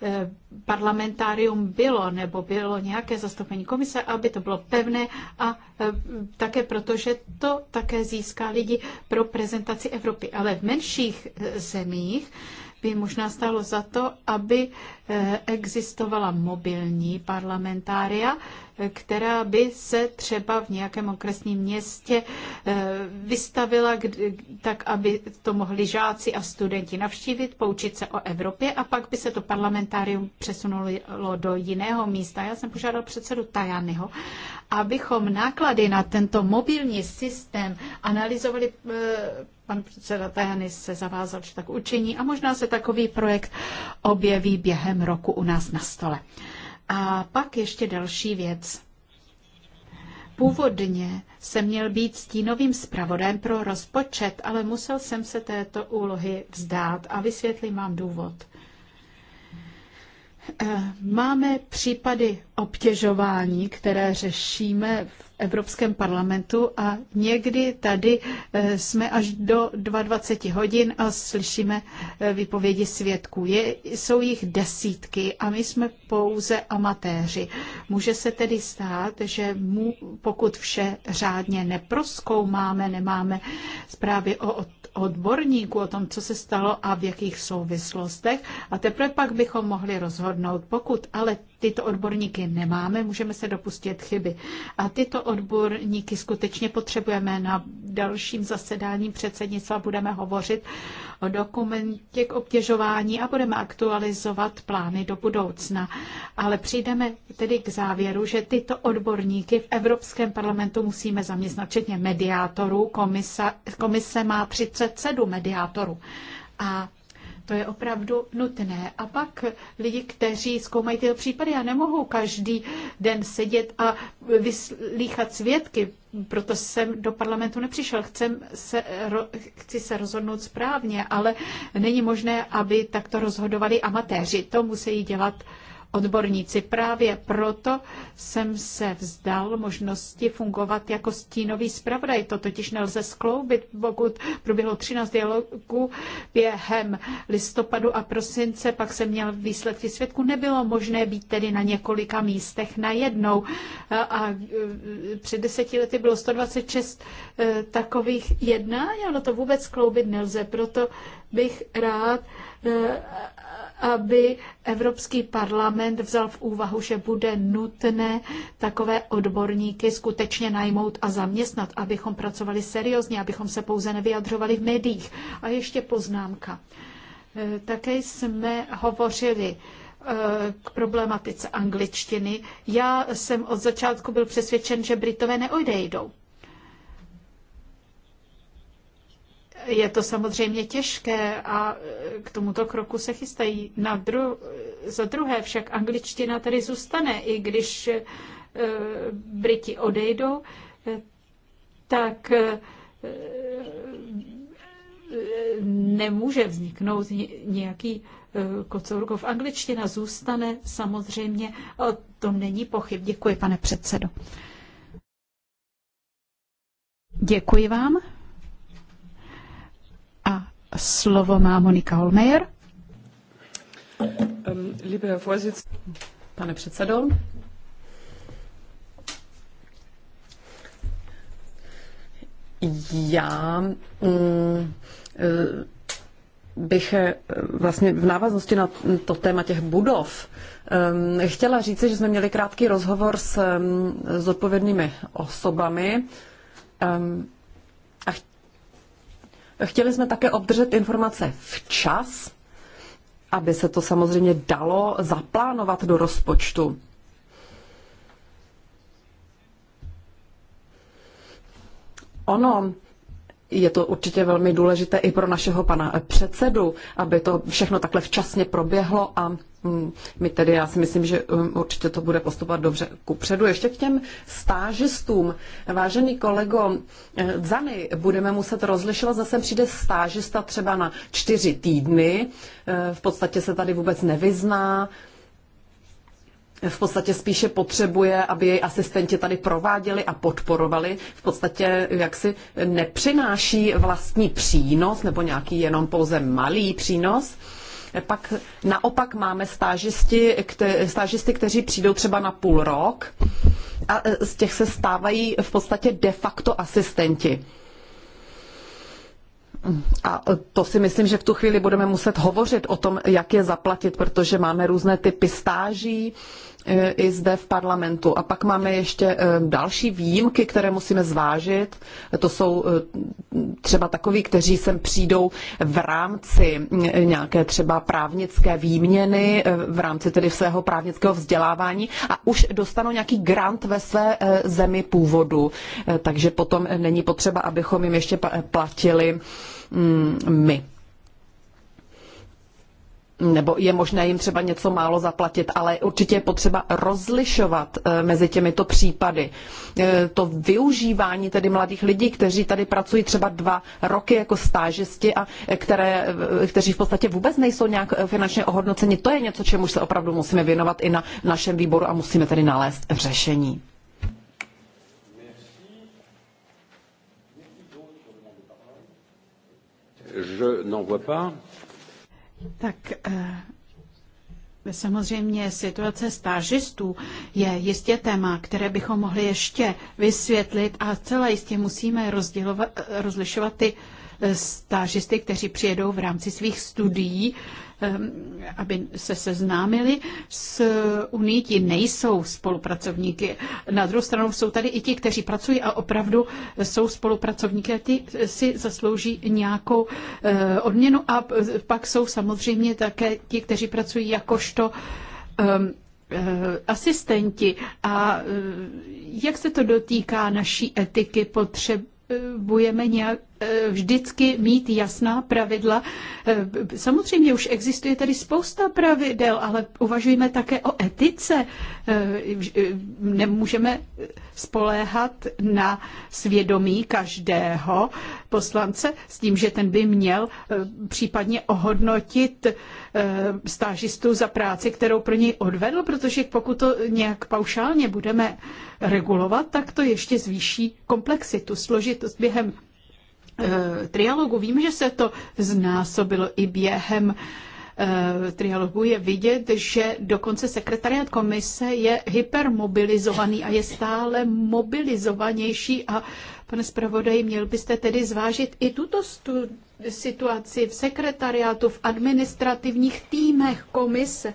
eh, parlamentárium bylo nebo bylo nějaké zastoupení komise, aby to bylo pevné a eh, také protože to také získá lidi pro prezentaci Evropy. Ale v menších zemích by možná stálo za to, aby eh, existovala mobilní parlamentária, která by se třeba v nějakém okresním městě eh, vystavila, tak aby to mohli žáci a studenti navštívit, poučit se o Evropě a pak by se to parlamentárium přesunulo do jiného místa. Já jsem požádal předsedu Tajanyho, abychom náklady na tento mobilní systém analyzovali eh, pan předseda Tajany se zavázal, že tak učiní a možná se takový projekt objeví během roku u nás na stole. A pak ještě další věc. Původně jsem měl být stínovým zpravodem pro rozpočet, ale musel jsem se této úlohy vzdát a vysvětlím vám důvod. Eh, máme případy obtěžování, které řešíme v Evropském parlamentu a někdy tady eh, jsme až do 22 hodin a slyšíme eh, výpovědi svědků. Je, jsou jich desítky a my jsme pouze amatéři. Může se tedy stát, že mu, pokud vše řádně neproskoumáme, nemáme zprávy o odborníků o tom, co se stalo a v jakých souvislostech. A teprve pak bychom mohli rozhodnout. Pokud ale tyto odborníky nemáme, můžeme se dopustit chyby. A tyto odborníky skutečně potřebujeme. Na dalším zasedání předsednictva budeme hovořit o dokumentě k obtěžování a budeme aktualizovat plány do budoucna. Ale přijdeme tedy k závěru, že tyto odborníky v Evropském parlamentu musíme zaměstnat, včetně mediátorů. Komise, komise má 37 mediátorů. A to je opravdu nutné. A pak lidi, kteří zkoumají tyto případy já nemohu každý den sedět a vyslíchat svědky, proto jsem do parlamentu nepřišel. Chcem se, ro, chci se rozhodnout správně, ale není možné, aby takto rozhodovali amatéři. To musí dělat uh, odborníci. Právě proto jsem se vzdal možnosti fungovat jako stínový zpravodaj. To totiž nelze skloubit, pokud proběhlo 13 dialogů během listopadu a prosince, pak jsem měl výsledky svědku. Nebylo možné být tedy na několika místech najednou. A před deseti lety bylo 126 eh, takových jednání, ale to vůbec skloubit nelze. Proto bych rád Eh, aby Evropský parlament vzal v úvahu, že bude nutné takové odborníky skutečně najmout a zaměstnat, abychom pracovali seriózně, abychom se pouze nevyjadřovali v médiích. A ještě poznámka. Eh, také jsme hovořili eh, k problematice angličtiny. Já jsem od začátku byl přesvědčen, že Britové neodejdou. Je to samozřejmě těžké a e, k tomuto kroku se chystají. Na dru- za druhé však angličtina tady zůstane, i když e, Briti odejdou, e, tak nemůže vzniknout nějaký kocourkov. Angličtina zůstane samozřejmě, o tom není pochyb. Děkuji, pane předsedo. Děkuji vám. Slovo má Monika Holmejer. Um, Pane předsedo, já mm, eh, bych eh, vlastně v návaznosti na to téma těch budov eh, chtěla říci, že jsme měli krátký rozhovor s, s odpovědnými osobami. Chtěli jsme také obdržet informace včas, aby se to samozřejmě dalo zaplánovat do rozpočtu. Ono, je to určitě velmi důležité i pro našeho pana předsedu, aby to všechno takhle včasně proběhlo a mm, my tedy, já si myslím, že um, určitě to bude postupovat dobře ku předu. Ještě k těm stážistům. Vážený kolego, eh, Zany budeme muset rozlišovat, zase přijde stážista třeba na čtyři týdny, eh, v podstatě se tady vůbec nevyzná, v podstatě spíše potřebuje, aby její asistenti tady prováděli a podporovali. V podstatě jaksi nepřináší vlastní přínos nebo nějaký jenom pouze malý přínos. Pak naopak máme stážisti, kte, stážisty, kteří přijdou třeba na půl rok a z těch se stávají v podstatě de facto asistenti. A to si myslím, že v tu chvíli budeme muset hovořit o tom, jak je zaplatit, protože máme různé typy stáží e, i zde v parlamentu. A pak máme ještě e, další výjimky, které musíme zvážit. To jsou e, třeba takoví, kteří sem přijdou v rámci nějaké třeba právnické výměny, v rámci tedy svého právnického vzdělávání a už dostanou nějaký grant ve své zemi původu. Takže potom není potřeba, abychom jim ještě platili Mm, my nebo je možné jim třeba něco málo zaplatit, ale určitě je potřeba rozlišovat eh, mezi těmito případy. Eh, to využívání tedy mladých lidí, kteří tady pracují třeba dva roky jako stážisti a eh, které, kteří v podstatě vůbec nejsou nějak finančně ohodnoceni, to je něco, čemu se opravdu musíme věnovat i na našem výboru a musíme tedy nalézt řešení. je n'en vois pas. Tak eh, samozřejmě situace stážistů je jistě téma, které bychom mohli ještě vysvětlit a celé jistě musíme rozlišovat ty eh, stážisty, kteří přijedou v rámci svých studií Ehm, aby se seznámili s Unii. Ti nejsou spolupracovníky. Na druhou stranu jsou tady i ti, kteří pracují a opravdu jsou spolupracovníky a ti si zaslouží nějakou eh, odměnu. A pak jsou samozřejmě také ti, kteří pracují jakožto ehm, eh, asistenti a eh, jak se to dotýká naší etiky, potřebujeme nějak Eh, vždycky mít jasná pravidla. Eh, samozřejmě už existuje tady spousta pravidel, ale uvažujeme také o etice. Eh, nemůžeme spoléhat na svědomí každého poslance s tím, že ten by měl případně ohodnotit stážistu za práci, kterou pro něj odvedl, protože pokud to nějak paušálně budeme regulovat, tak to ještě zvýší komplexitu, složitost během Eh, trialogu. Vím, že se to znásobilo i během eh, trialogu je vidět, že dokonce sekretariat komise je hypermobilizovaný a je stále mobilizovanější a pane zpravodaj, měl byste tedy zvážit i tuto stu- situaci v sekretariátu, v administrativních týmech komise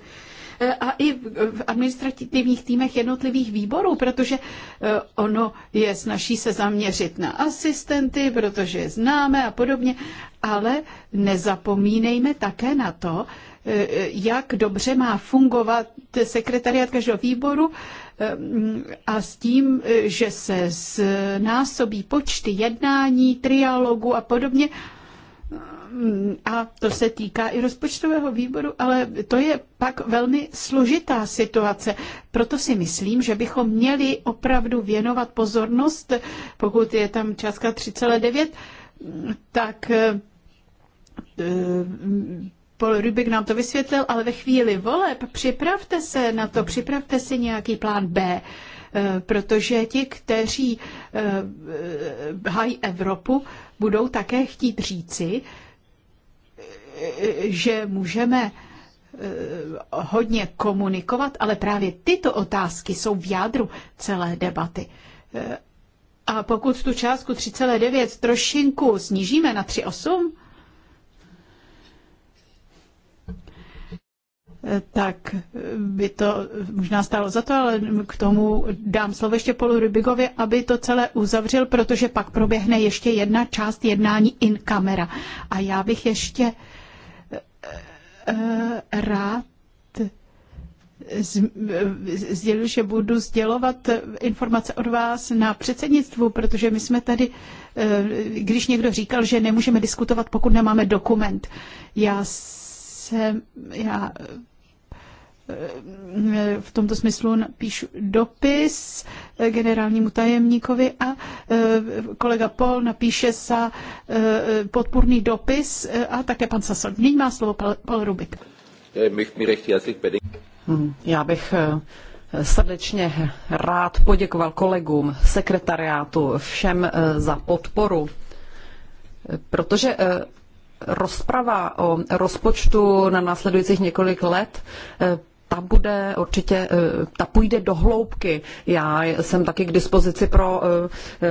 a i v administrativních týmech jednotlivých výborů, protože eh, ono je snaží se zaměřit na asistenty, protože je známe a podobně, ale nezapomínejme také na to, eh, jak dobře má fungovat sekretariat každého výboru eh, a s tím, že se znásobí počty jednání, trialogu a podobně, a to se týká i rozpočtového výboru, ale to je pak velmi složitá situace. Proto si myslím, že bychom měli opravdu věnovat pozornost, pokud je tam částka 3,9, tak eh, Paul Rubik nám to vysvětlil, ale ve chvíli voleb připravte se na to, připravte si nějaký plán B eh, protože ti, kteří eh, hájí Evropu, budou také chtít říci, že můžeme eh, hodně komunikovat, ale právě tyto otázky jsou v jádru celé debaty. Eh, a pokud tu částku 3,9 trošinku snížíme na 3,8, tak by to možná stálo za to, ale k tomu dám slovo ještě Polu Rybigovi, aby to celé uzavřel, protože pak proběhne ještě jedna část jednání in kamera. A já bych ještě Eh, rád eh, sdělil, že budu sdělovat informace od vás na předsednictvu, protože my jsme tady, eh, když někdo říkal, že nemůžeme diskutovat, pokud nemáme dokument. Já jsem, já v tomto smyslu napíšu dopis generálnímu tajemníkovi a e, kolega Pol napíše sa e, podpůrný dopis e, a také pan Sasol. Nyní má slovo Paul Rubik. Eh, hmm, já bych srdečně rád poděkoval kolegům, sekretariátu, všem za podporu, protože rozprava o rozpočtu na následujících několik let ta bude určitě, eh, ta půjde do hloubky. Já jsem taky k dispozici pro eh, eh,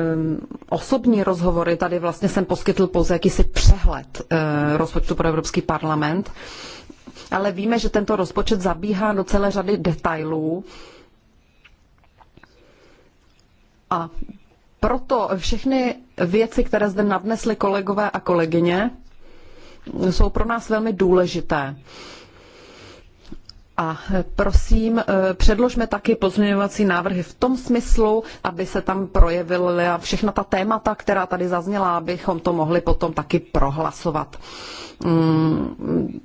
osobní rozhovory. Tady vlastně jsem poskytl pouze jakýsi přehled rozpočtu pro Evropský parlament. Ale víme, že tento rozpočet zabíhá do celé řady detailů. A proto všechny věci, které zde nadnesli kolegové a kolegyně, jsou pro nás velmi důležité. A prosím, eh, předložme taky pozměňovací návrhy v tom smyslu, aby se tam projevila všechna ta témata, která tady zazněla, abychom to mohli potom taky prohlasovat. Mm,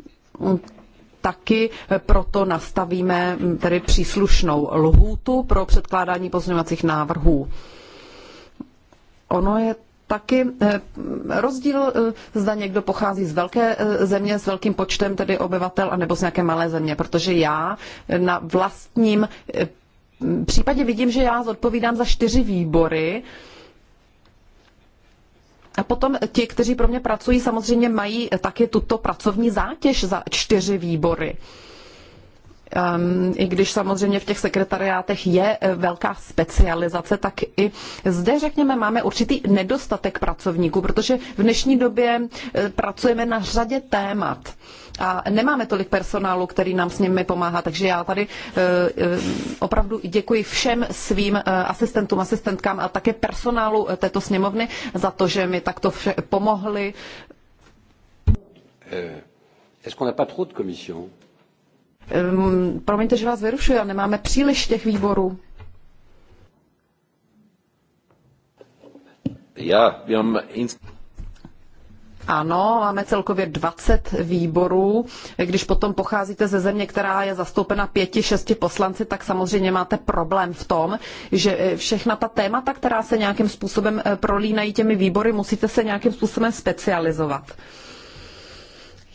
taky eh, proto nastavíme mm, tedy příslušnou lhůtu pro předkládání pozměňovacích návrhů. Ono je taky eh, rozdíl, eh, zda někdo pochází z velké eh, země s velkým počtem tedy obyvatel, anebo z nějaké malé země, protože já na vlastním případě vidím, že já zodpovídám za čtyři výbory, a potom ti, kteří pro mě pracují, samozřejmě mají také tuto pracovní zátěž za čtyři výbory. Um, I když samozřejmě v těch sekretariátech je eh, velká specializace, tak i zde, řekněme, máme určitý nedostatek pracovníků, protože v dnešní době eh, pracujeme na řadě témat a nemáme tolik personálu, který nám s nimi pomáhá. Takže já tady eh, opravdu děkuji všem svým asistentům, asistentkám a také personálu této sněmovny za to, že mi takto vše pomohli. Est-ce qu'on n'a pas trop de commissions Ehm, promiňte, že vás vyrušuji, ale nemáme příliš těch výborů. Já, já mám ano, máme celkově 20 výborů. Když potom pocházíte ze země, která je zastoupena pěti, šesti poslanci, tak samozřejmě máte problém v tom, že eh, všechna ta témata, která se nějakým způsobem eh, prolínají těmi výbory, musíte se nějakým způsobem specializovat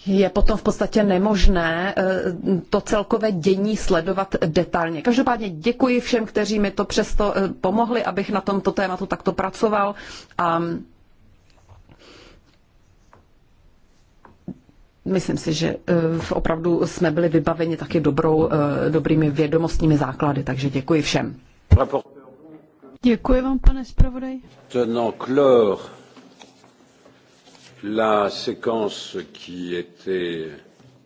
je potom v podstatě nemožné eh, to celkové dění sledovat detailně. Každopádně děkuji všem, kteří mi to přesto eh, pomohli, abych na tomto tématu takto pracoval. A myslím si, že eh, opravdu jsme byli vybaveni taky dobrou, dobrými vědomostními základy, takže děkuji všem. Děkuji vám, pane zpravodaj la séquence qui était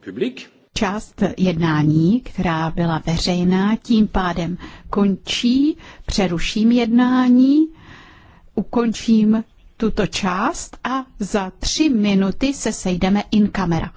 publique. Část jednání, která byla veřejná, tím pádem končí, přeruším jednání, ukončím tuto část a za tři minuty se sejdeme in kamera.